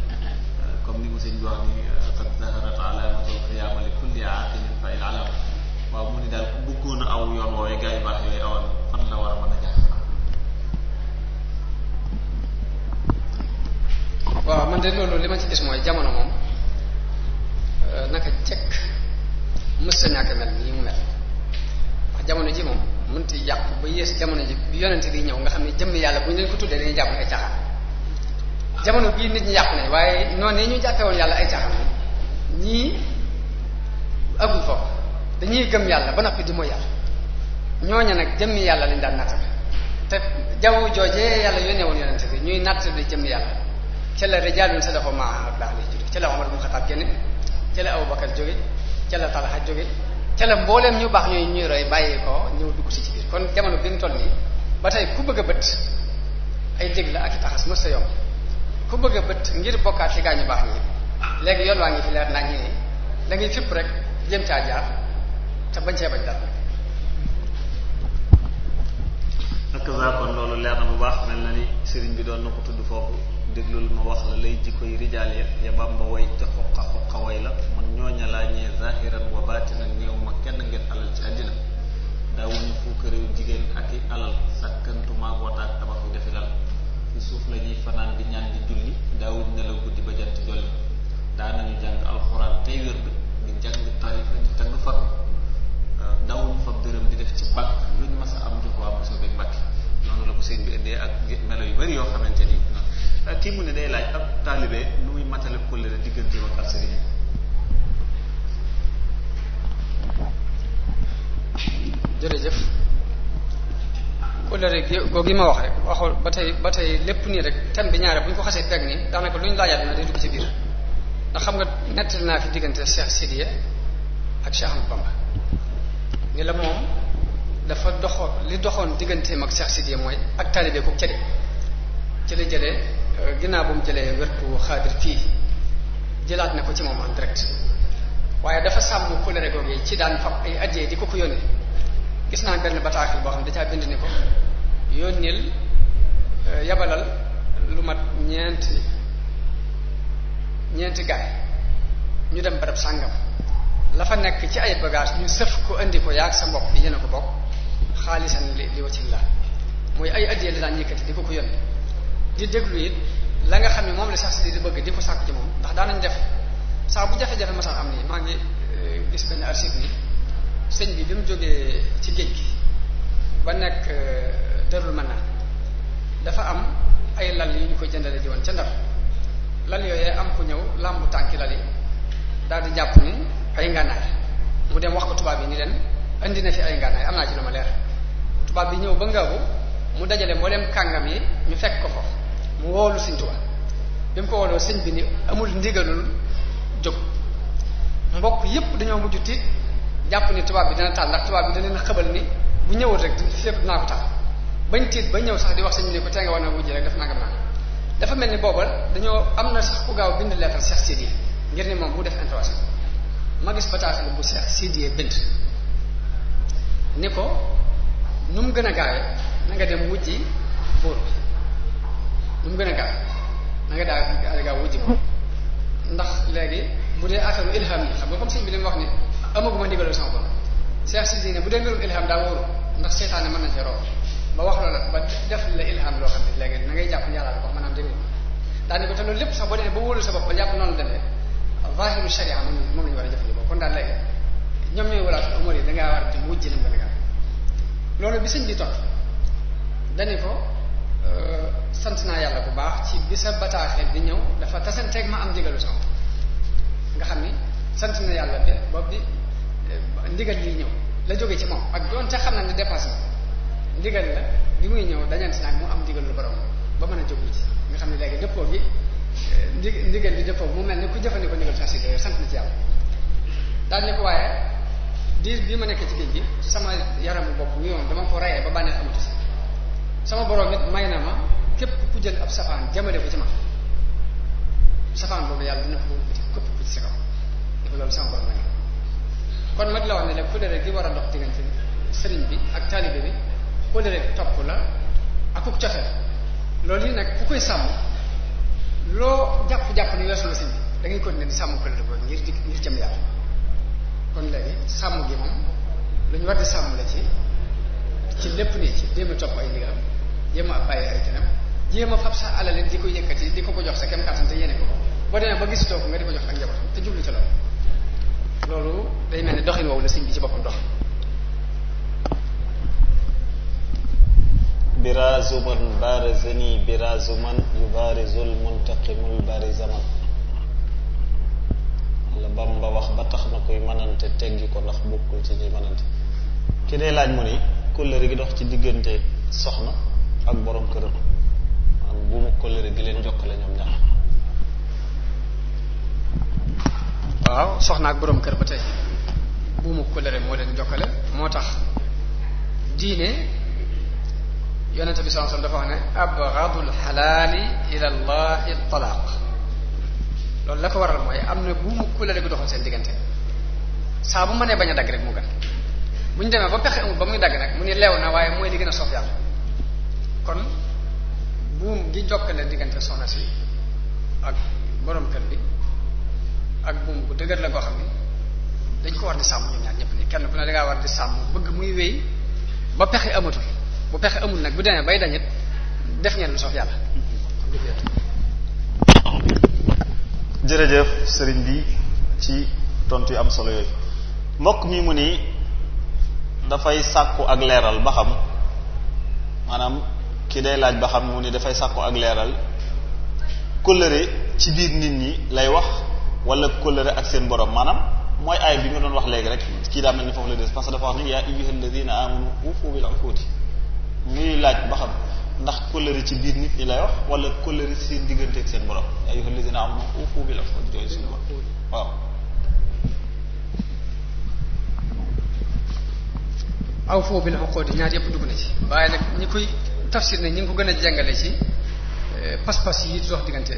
E: comme ni ko sëñ bi wax ni qad zaharat alaamatul qiyaama li kulli aaqilin fa il waaw mu ni daal ku a aw yoon woowee
B: gaa yu baax yooyu awoon a man de loolu li ma ci gis mooy jamono moom euh, naka jekk mës sa mel nii mu mel wax jamono ji moom mënti yàqu ba yées jamono ji bi yonente di ñëw nga xam ne jëmm yàlla bu ñu leen ko tuddee dañuy jàpp ne ay jamono bii nit ñi yàqu nañ waaye noonu yi ñu jàppewoon yàlla ay caaxam ñii agul foofu dañuy gëm yàlla ba noppi di mooy yàlla ñooña nag jëmmi yàlla dañ daan natt te jaww joojee yàlla yónnee woon yonente bi ñuy natt di jëmmi yàlla ca la rijaalun sadaqu ak ahadullah lay jóge ca la Omar bu Xataab génne ca mbooleem ñu baax ñooy ñuy roy bàyyi ko ñëw dugg si ci biir kon jamono bi ñu toll nii ba tey ku bëgg a bët ay dégg la ak taxas mës sa yomb ku bëgg bët ngir bokkaat ci gaa ñu baax ñi léegi yoon waa ngi fi leer naa ñi ni da ngay fipp rek jëm caa jaar te bañ cee bañ dara
E: ak za kon leer na bu baax mel na ni sëriñ bi doon na ko tudd foofu lu ma wax la lay jikko yi rijaal ya ya bamba way xuqa xuqa way la mun ñooña laa ñee zahiran wa baatinan ma kenn ngeen alal ci àddina daawuñu fuukaréew jigéen ak i alal sàkkantumaak wataak suuf lañuy ñuy fanaan di ñaan di julli daawul nelaw guddi ba jant jolli daanañu jàng alxuraan tey wér di jàng tarifa di tagg far euh, daawul fab dërëm di def ci bàkk luñ mas a am jox waa mosoo beeg mbàkki noonu la ko sëñ bi indee ak melo yu bari yoo xamante ni euh, kii mu ne day laaj ab taalibe nu muy matale kóllëre diggante ak ak sëriñ
B: kóllëre gi googu yi ma wax rek waxul ba tey ba tey lépp nii rek thème bi ñaare bu ñu ko xasee pegg nii ko lu ñu laajaat na day dugg ci biir ndax xam nga nettali naa fi diggante Cheikh Sidiya ak Cheikh Ahmadou Bamba ni la moom dafa doxoon li doxoon digganteem ak Cheikh Sidiya mooy ak taalibe ko cële ci la jëlee euh, ginnaaw bu mu jëlee wertu xaadir fii jëlaat na ko ci moom en direct waaye dafa sàmm kóllëre googu yi ci daan fab ay addiya di ko ko yónnee gis naa benn bataaxel boo xam da caa bind ni ko yónnil euh, yabalal lu mat ñeenti ñeenti gaay ñu dem barab sàngam la fa nekk ci ay bagage ñu sëf ko indi ko yaag sa mbokk yéen a ko bokk xaalisan li li wacin la mooy ay addiye la daan yëkkati di ko ko yónni di déglu it la nga xam ne moom la sax si di bëgg di ko sàkku ci moom ndax daanañ def saa bu jafe-jafe masan am nii maa ngi euh, gis benn archive nii sëñ bi bi mu jógee ci géej gi ba nekk euh, darul mën naa dafa am ay lal yu ñu ko jëndale ji woon ca Ndar lal yooyee am ku ñëw làmb tànki lal yi daal di jàpp ni ay ngànnaay mu dem wax ko tubaab yi ni leen indi na fi ay ngànnaay am naa ci leer tubaab bi ñëw ba ngaabu mu dajale mboolem kàngam yi ñu fekk ko foofu mu woolu sëñ Tuubaa bi mu ko wooloo sëñ bi ni amul ndigalul jóg mbokk yépp dañoo mujj tiit jàpp ni tubaab bi dana taal ndax tubaab bi da leen xëbal ni bu ñëwul rek lépp dinaa ko taal bañ tiit ba ñëw sax di wax sëñ bi ne ko tee nga war na wujj dafa mel ni booba dañoo am na gaaw bind lettre Cheikh Sidiye ngir ne moom bu def intervention ma gis bataaxal bu Cheikh Sidiye bind ni ko nu mu gën a gaawee na nga dem wujji buur bi nu mu gën a gaawe na nga daa gaaw wujji buur ndax léegi bu dee affaire ilham yi xam nga comme sëñ bi li mu wax ni amaguma ndigalul sama borom Cheikh Cissé ne bu dee mbirum ilham daa wóoru ndax seetaane mën na cee ba wax loola ba def la ilham loo xam ne léegi na ngay jàpp yàlla la ko maanaam demee daane ko te lépp sax ba wóolu sa bopp ba jàpp noonu demee zahiru sharia moom moom la a war a jëfandikoo kon daal léegi ñoom ñooy walaat umar yi dangaa war di wujj lañ ba loolu bi sëñ bi topp dañu ko euh, sant naa yàlla bu baax ci bi sa bataaxel bi ñëw dafa tasanteeg ma am jégalu sama nga xam ni sant na yàlla te boobu bi ndigal liy ñëw la jóge ci moom ak doon ca xam na ne dépassé ndigal la li muy ñëw dañante naag mu am ndigal lu borom ba mën a jóg ci nga xam ne léegi dëppoo gi eh, ndi ndigal bi dëppoo mu mel ni ku jëfandikoo ndigal saa si yooyu sant na ci ko waaye diir ma nekk ci géej gi sama yaramu bopp wi moom dama ko rayee ba bànneex sama borom it may na ma képp ku jël ab safaan jëmale ko ci ma safaan boobu yàlla dina ko képp ku ci sa kaw dafa loolu sama borom may kon mag la wax ne la kóllëre di war a dox diggante sëriñ bi ak taalibe bi kóllëre gi topp la akuk cofeel loolu yi nag ku koy sàmm loo jàpp-jàpp ni weesu na sëriñ bi da ngay continuer di sàmm kóllëre boobu ngir di kon léegi sàmm gi moom lu ñu la ci ci lépp nii ci jéem a topp ay ndigalam jéem a bàyyi ay tenam jéem a fab sa alal di ko yëkkati di ko ko jox sa kem kàttan te yéene ko ko boo demee ba gisitoo ko nga di ko jox ak njabootam te jublu ci loolu day mel ni doxin woowu la sëñ bi ci boppam dox
E: biraasu man baarizani biraasu man yubaarizul muntaqimul bari zaman la Bamba wax ba tax na kuy mënante teggi ko ndax bokkul ci ñuy mënante ki day laaj mu ni kóllëre gi dox ci diggante soxna ak boroom këram maanaam bu mu gi
B: leen jokkale ñoom ñaar waaw soxna ak boroom kër ba tey buumu kóllëre moo leen jokkale moo tax diine yonente bi sallallahu alayhi dafa wax ne abghadul xalaali ila llahi talaaq loolu la ko waral mooy am na buumu kóllëre gu doxoon seen diggante saa bu mënee bañ a dagg rek mu gën bu ñu demee ba pexe amul ba muy dagg nag mu ni leew na waaye mooy li gën a soof yàlla kon buum gi jokkale diggante soxna si ak boroom kër bi ak buum bu dëgër la xam dañ ko war di sàmm ñu ñaar kenn ku ne dangaa war di sàmm bëgg muy wéy pexe amatul bu pexe amul nag bu demee bay dañit def ngeen lu
E: jërëjëf sëriñ bi ci tontu yu am solo yooyu mbokk mi mu nii dafay sàkku ak leeral ba xam maanaam ki day laaj ba xam mu ni dafay sàkku ak leeral kóllëre ci biir nit ñi lay wax wala kóllëre ak seen borom maanaam mooy ay bi nga doon wax léegi rek kii daa mel ni foofu la des parce que dafa wax ni yaa laaj ba ndax kóllëre ci biir nit ñi lay wax wala kóllëre seen diggante ak seen borom yaa ayyuhal ladina amanu ufu bil uqud jooju suñu
B: bi la fa xool ñaar yëpp dugg na ci waaye nag ñi koy tafsir ne ñi ko gën a jàngale ci eh, pas-pas yi dox diggante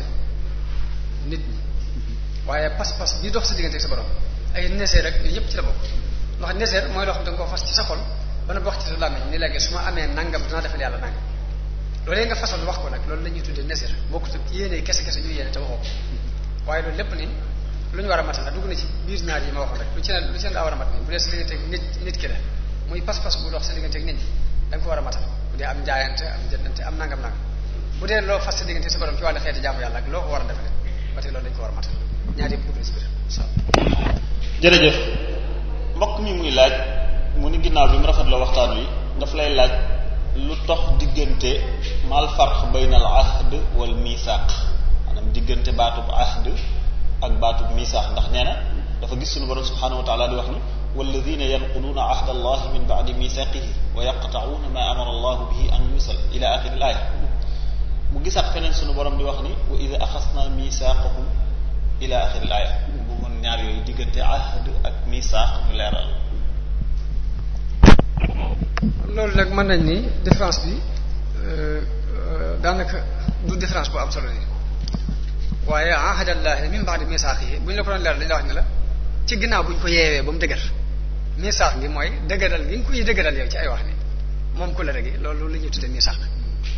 B: nit waaye pas-pas bi dox sa diggante ak sa borom ay neseer ak yooyu yëpp ci la bokk ndax neseer mooy loo xam da nga koo fas ci sa xol ba nga wax ci sa làmmiñ ni léegi su ma amee nangam dinaa defal yàlla nangam loolee nga fasoon wax ko nag loolu la ñuy tuddee neseer bokkut ak yéene kese kese ñu yéene te waxoo ko waaye loolu lépp ni lu ñu war a matal la dugg na ci biir ñaar yi ma waxoon rek lu ci ne lu ci ne daa war a mat nii bu dee sa diggante ak nit nit ki la muy pas-pas bu dox sa diggante ak nit ñi da nga ko war a matal bu dee am njaayante am jëndante am nangam nangam bu dee loo fas sa diggante sa borom ci wàllu xeeti jaamu yàlla ak loo ko war a defale ba tey loolu dañ ko war a matal ñaari yëpp dugg
E: jërëjëf mbokk mi muy laaj mu ni ginnaaw bi mu rafet la waxtaan wi daf lay laaj lu tox diggante mal farq baynal ahd wal misaaq maanaam diggante baatub ahd ak baatub misaaq ndax nee na dafa gis suñu borom subhanahu wa taala di wax ni walladina yanquduuna ahda allah min ba'di misaaqihi wa yaqta'uuna ma amara allah bihi an yusal ila axiri al aaya mu gisaat feneen suñu borom di wax ni wa ida axasna misaaqahum ila axiril aaya mu ñaar yooyu diggante ahd ak misaax
B: leeral loolu nag mën nañ ni différence bi euh, euh, daanaka du différence bu am solo ni waaye ahadallahi min ba'di misaaxihi bu ñu la ko doon leeral dañu la wax ne la ci ginnaaw bu ñu ko yeewee ba mu dëgër misaax gi mooy dëgëral gi nga koy dëgëral yow ci ay wax ni moom ku la rek loolu la ñuy tudde misaax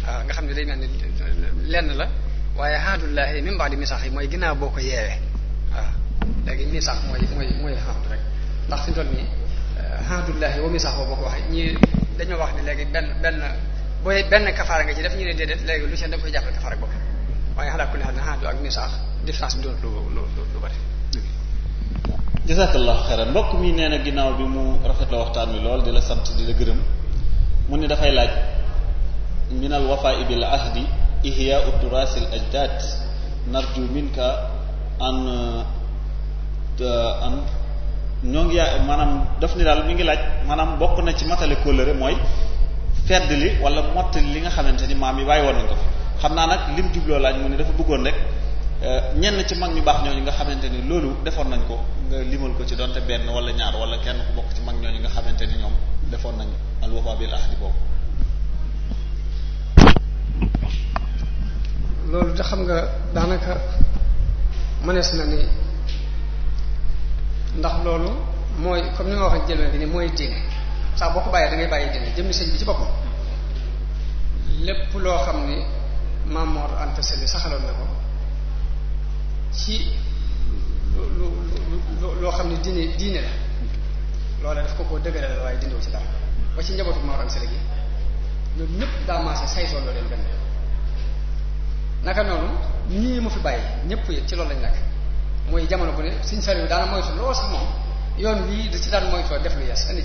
B: waaw nga xam ne day mel ni lenn la waaye xaadullahi min ba'di misax yi mooy ginnaaw boo ko yeewee waaw léegi misax mooy mooy mooy xaad rek ndax fi mu toll nii xaadullahi euh, wa misax boo ko waxee ñii dañoo wax ne léegi benn benn booy benn kafaara nga ci def ñu ne déedéet léegi lu seen da nga koy jàppale kafaara boobu waaye xalaat ku ne xam xaadu ak misax différence bi doon lu lu lu bari
E: jazakallahu xeyran mbokk mi nee na ginnaaw bi mu rafet la waxtaan wi lool di la sant di la gërëm mu ne dafay laaj minal wafaa bil ahdi إحياء التراث الأجداد نرجو منك أن أن ñoo ngi yaa maanaam daf ni daal mi ngi laaj maanaam bokk na ci matale kóllëre mooy fedd li wala mottali li nga xamante ni maam yi bàyyi woon nañ ko xam naa nag lim jubloo laaj mu ne dafa bëggoon rek eh, ñenn ci mag ñu baax ñooñu nga xamante ni loolu defoon nañ ko nga limal ko ci donte benn wala ñaar wala kenn ku bokk ci mag ñooñu nga xamante ni ñoom defoon nañ al wafa bil ahdi
B: boobu loolu da xam nga daanaka mënees na ni ndax loolu mooy comme ni ma waxee jël bi ni mooy diine sax boo ko bàyyee da ngay bàyyi diine jëmmi sëñ bi ci boppam lépp loo xam ni Maam Mor Anta Sali saxaloon ko ci lu lu loo xam ne diine diine la loolee daf ko koo dëgëral waaye dindiwu ci dara ba ci njabootu Mor Anta Sali gi ñoom ñëpp daa maase saytoon loo leen benn naka noonu ñii mu fi bàyyi ñëpp yëg ci loolu lañ nekk mooy jamono bu ne suñ sari yu daana moytu lool sax yoon wii di ci daan moytoo def lu yees ci lu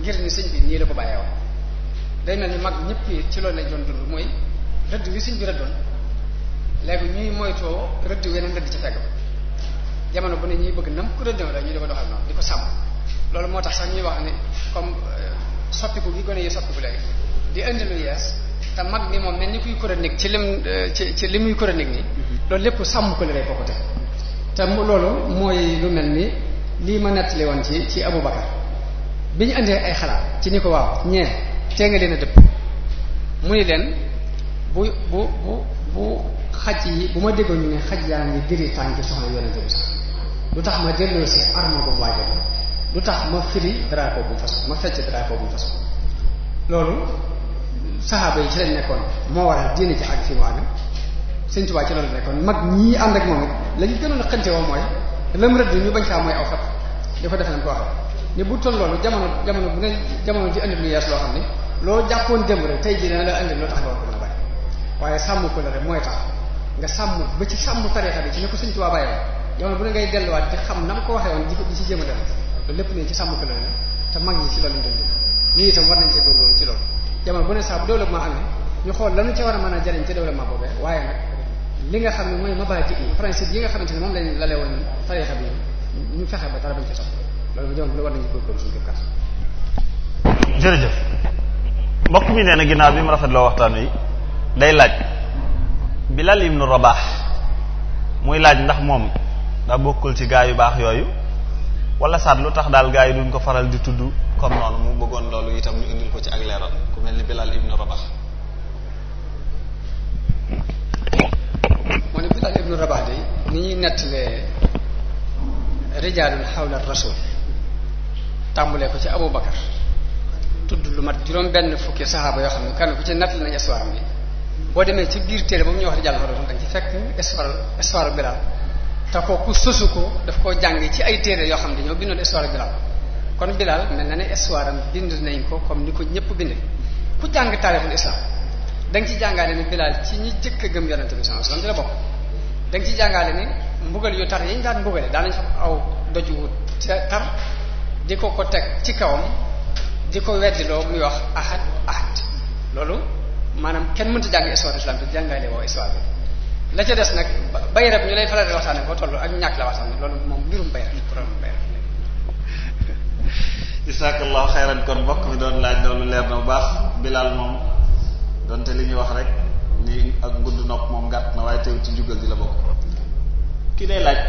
B: ngir ni sëñ bi nii la ko bàyyee woon day na ni mag ñëpp yëg ci loolu lañ doon dund mooy rëdd wi sëñ bi rëddoon léegi ñuy moytoo rëdd weneen di ci ba jamono bu ne ñuy bëgg nam ko rëddoon rek ñu di ko doxal di ko sàmm loolu moo tax sax ñuy wax ne comme euh, soppiku gi gone yi soppiku léegi di indi lu yees te mag mi moom mel ni kuy chronique ci lim eh, ci li muy chronique ni mhm. loolu lépp sàmm kóllëre ko ko te te loolu mooy lu mel ni lii ma nettali woon ci ci Aboubacar bi ñu andee ay xalaat ci ni ko waaw ñee tee nga leen a dëpp mu ni leen bu bu bu xaj yi bu ma déggoon ñu ne xaj yaa ngi diri tànki soxna yonente bi sax lu tax ma delloo si arme ko waajo lu tax ma firi drapeau bu façon ma fecc drapeau bu façon loolu saxaaba yi ci lañ nekkoon moo a diine ci àgg fi mu àgg Sëñ Tuubaa ci loolu nekkoon mag ñii ànd ak moom it lañu gënoon a xënte woo mooy lëm rëdd ñu bañ saa mooy aw fat di ko ko wax ne bu toll loolu jamono jamono bu ne jamono ji indi lu yees xam ne loo jàppoon démb tey jii dana la indi loo tax loolu ko mën a ko la rek mooy tax nga sàmm ba ci sàmm tarixa bi ci ne ko Sëñ Tuubaa bàyyi jamono bu ne ngay delluwaat te xam na ma ko waxee woon di ko ci jéem def loolu lépp ne ci sàmm ko la te mag ñi ci loolu ñu doon dégg ñii itam war nañ cee góorgóorlu ci loolu jamono bu ne saa bu développement amee ñu xool lanu ca war a mën a jariñ ca développement boobee waaye nag li nga xam ne mooy mabaadi yi principe yi nga xamante ne moom lañ la leewoon tarixa bi ñu fexe ba dara bañ ci soxla loolu jom lu war nañu góorgóorlu suñu képp kàttan
E: jërëjëf mbokk mi nee na ginnaaw bi mu rafetloo waxtaan wi day laaj Bilal ibnu Rabaax muy laaj ndax moom daa bokkul ci gaa yu baax yooyu wala saat lu tax daal gaa yi duñ ko faral di tudd comme noonu mu bëggoon loolu itam ñu indil ko ci ak leeral ku mel ni Bilal ibnu Rabax
B: moo ne Bilal ibnu Rabax de ni ñuy nettalee rijaalun xawla rasul tàmbulee ko ci Abu Bakar tudd lu mat juróom benn fukki saxaaba yoo xam ne kenn ku ci nettali nañ histoire bi boo demee ci biir téere ba mu ñuy wax rijaalun xawla rasul danga ci fekk histoire histoire Bilal te kooku sosu ko daf koo jàng ci ay téere yoo xam ne ñoo bindoon histoire Bilal kon Bilal mel na ne histoire am bind nañ ko comme ni ko ñëpp binde ku jàng taarixul islam da ci jàngaale ni Bilal ci ñi jëkk a gëm yonente bi sallallahu alayhi wasallam ci la bokk da yu tar yi ñu daan mbugale daanañ fa aw doju wu tar di ko ko teg ci kawam di ko weddiloo muy wax ahad ahad loolu maanaam kenn mënta jàng histoire islam te jàngaale woo histoire bi la ca des nag bayra bi ñu lay faral di waxtaane foo toll ak ñàkk la waxtaane loolu moom mbirum bayra problème bayra
E: isaakallahu xayran mbokk mi doon laaj loolu leer bu baax bilaal moom donte li ñuy wax rek ni ak gudd nopp moom gàtt na waaye teew ci njugal gi la bokk ki lay laaj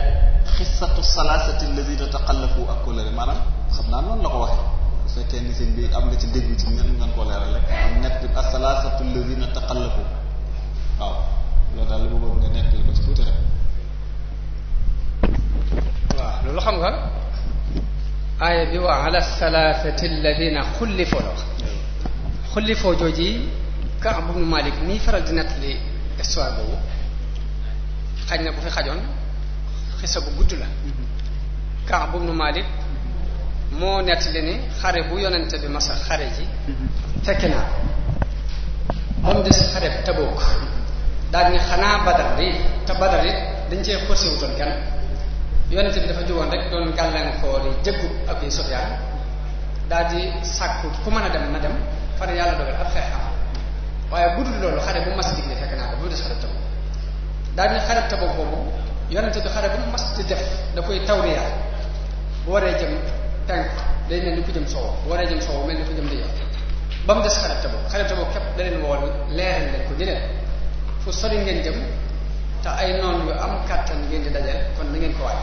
E: xisatu salaasati alladina taqallafu ak kóllëre maanaam xam naa noonu la ko waxee su fekkee ni sëñ bi am nga ci dégg ci ñen ngeen ko leeral rek am ñett bi asalaasatu
B: bi wa ala salaasati alladina xullifoo la wax xullifoo jooji Kaab ibnu Malik mii faral di nettali histoire boobu xaj na bu fi xajoon xisa bu gudd la Kaab ibnu Malik moo nettali ni xare bu yonente bi masa xare ji fekke naa ba mu des xare Tabuk daal ni xanaa Badar bi te Badar dañ cee xóosi wutoon kenn yonent bi dafa jógoon rek doon gàllankoor yi jëkku ab yi Sufyaan daal di sàkku ku mën a dem na dem fane yàlla dogal ab xeex am waaye bu dul loolu xare bu mas digle fekk naa ko bu des xare di xare Tabuk boobu yonent bi xare bu mas di def da koy tawriya bu waree jëm penk day mel ni ku jëm soow bu waree jëm soow mel ni ku jëm ndijoor ba mu des xare Tabuk xare Tabuk képp da leen woon leeral leen ko jëlee fu sori ngeen jëm te ay noon yu am kàttan ngeen di dajal kon na ngeen ko waaj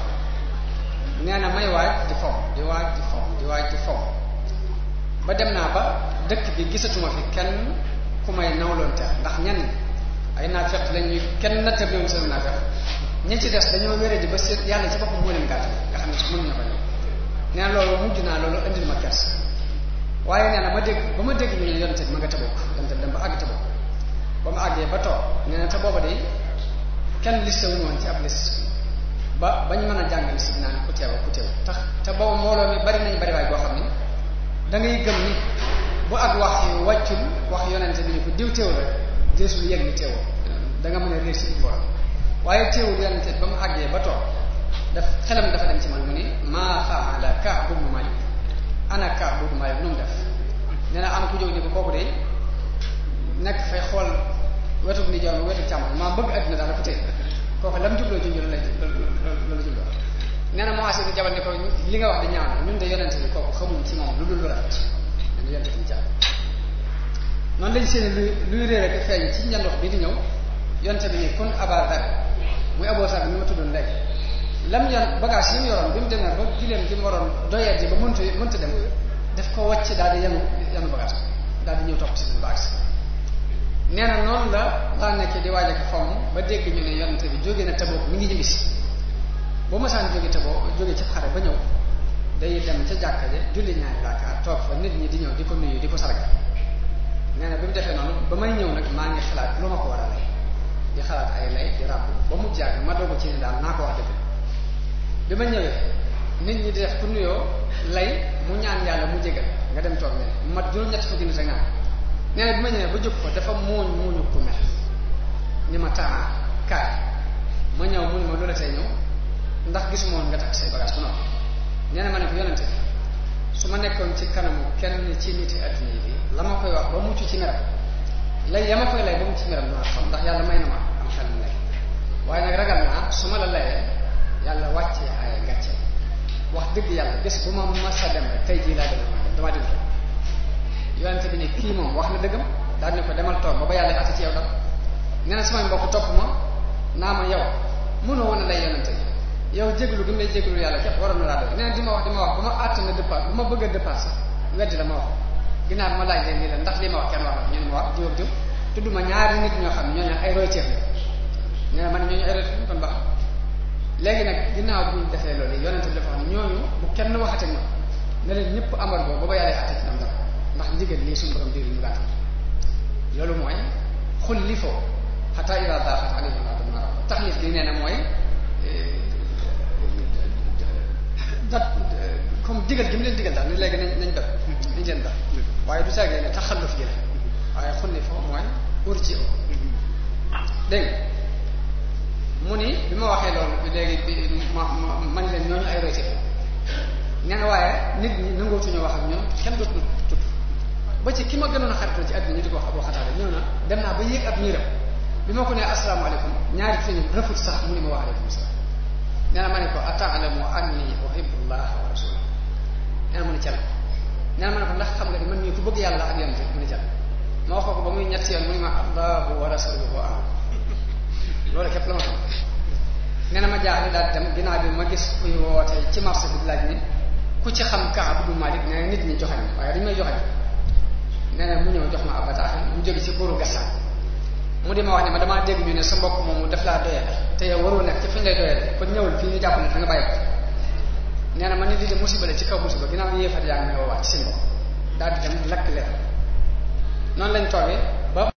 B: nee na may waaj di fomm di waaj di fomm di waaj di fomm ba dem naa ba dëkk bi gisatuma fi kenn ku may te ndax ñenn ay naafeq lañuy kenn nattab yoon seen naafeq ñi ci des dañoo di ba seen yàlla ci boppam moo leen gàtt nga xam ne sax mënuñu ko ñëw mujj naa loolu indil ma kers waaye nee na ma dégg ba ma dégg ñu yonte bi ma nga Tabuk yonte bi ba àgg Tabuk ba mu àggee ba toog nee na te booba de kenn liste wuñu woon ci ab liste ba bañ mën a jàngal si naan ku teew ku teew tax te boobu mbooloo mi bari nañ bari waay boo xam ne da ngay gëm ni bu ak wax yi wàccul wax yonente bi ni ko diw teew la deesul yegg ni teewoo da nga mën a réer si mbooloo waaye teewul yonente ba mu àggee ba toog daf xelam dafa dem ci man mu ni maa faala Kaab ibn Maalik ana Kaab ibn nu mu def nee na am ku jóg ni ko kooku de nekk fay xool wetu nijaam wetu càmmoñ maa bëgg àddina daal ko tey kooku lam jubloo junj loolu lay loolu la jubloo nee na Muaas ko li nga wax di ñaan ñun de yonent bi kooku xamuñ ci moom lu dul lu rafet dañu yonent bi jàll noonu lañ ci ñandox bi di ñëw yonent bi ne kun abadar muy abosar bi ñu ma tuddoon léegi lam yoon bagage yi mu yoroon bi mu demee ba gileem gi mu waroon doyat ji ba mënta mënta dem daf ko wàcc daal di yanu yanu bagage daal di ñëw topp si suñu bagage nee noonu la laa nekkee di waaj ak fomm ba dégg ñu ne yonent bi jóge na Tabuk mi ngi ñibbisi bu masaan jóge Tabuk jóge ci xare ba ñëw day dem ca jàkka ja julli ñaari raakaat toog fa nit ñi di ñëw di ko nuyu di ko sargal nee na bi mu defee noonu ba may ñëw nag maa ngi xalaat lu ma ko war a lay di xalaat ay lay di ràbb ba mu jàgg ma ko ci ne daal naa ko wax dëgg bi ma ñëwee nit ñi di def ku nuyoo lay mu ñaan yàlla mu jégal nga dem toog ne ma juróom-ñett nee bi ma ñëwee ba jóg ko dafa muuñ muuñu ku mer ni ma taama kaay ma ñëw mu ne ma loola tey ñëw ndax gis woon nga takk say bagage bu ko yonente bi su ma nekkoon ci kanamu kenn ci nit yi adduna ma koy wax ba mucc ci meram lay ya ma koy lay ba mucc ci meram dama xam ndax yàlla may na ma am xel mu lay waaye nag ragal naa su ma la layee yàlla wàccee aaya gàcce wax dëgg yàlla bés bu ma masa dem rek tey jii laa dem ma dem damaa yonente bi ne kii moom wax na dëggam daal ne ko demal toog ba ba yàlla atti ci yow dal nee na samay mbokk topp ma naa ma yow mënoo woon a lay yonente bi yow jégalu gi mu na laa doy nee na di ma wax di ma wax bu ma àtt na dépasse bu ma bëgg a ma wax leen nii la ndax li ma wax kenn wax ñu ne ma wax diw ak diw tudd ma ñaari nit ñoo ne ñooñu ay royteef la nee na man ñooñu ay léegi nag ginnaaw bu ñu defee loolu yonente bi dafa wax ñooñu kenn waxate ma ne leen ñëpp amar boobu ba ba yàlla atti ci ñoom dal ndax ndigal lii suñu borom biir ñu baax loolu mooy xul li foo xataa ila daaxat alayhim ardul mara taxlif bi nee mooy eh, dat comme digal gi mu leen digal daal ni léegi nañ nañ def waaye du saagee ne taxalluf gi la waaye xul li foo mooy urji dégg nga mu ni bi ma waxee loolu man leen ay royteef nee na waaye nit ñi nangootuñu wax ak ñoom kenn dootul ba ci ki ma gënoon a xaritoo ci àddina ñu di ko wax Abu Xataada ñëw na dem naa ba yéeg ab miiram bi ma ko nee asalaamaaleykum ñaari sëñ rëfut sax mu ne ma wa aleykum salaam nee na ma ne ko ataalamu anni uhibbullaha wa rasulahu nee na mu ne cal nee na ma ne ko ndax xam nga ni man mii ku bëgg yàlla ak yonte mu ne cal ma wax ko ba muy ñetti yoon mu ne ma allahu wa rasuluhu aam loolu képp la ma xam nee na ma jaaxle daal dem ginnaaw bi ma gis kuy woote ci marché bi laaj ni ku ci xam Kaab bu Malik nee na nit ñi joxe na waaye dañu may joxe nee na mu ñëw jox ma ab bataaxal mu jóge ci kóoru gassan mu di wax ne ma damaa dégg ñu ne sa mbokk moomu daf laa doyale te yow waroo nekk ci fi ñu lay doyale kon ñëwul fii ñu jàpp ne da nga bàyyi ko nee na ma ni
C: di dem musiba la ci kaw musiba ginnaaw yéefar yaa ngi may woowaat ci seen bopp daal di dem lakk leen noonu lañ toogee ba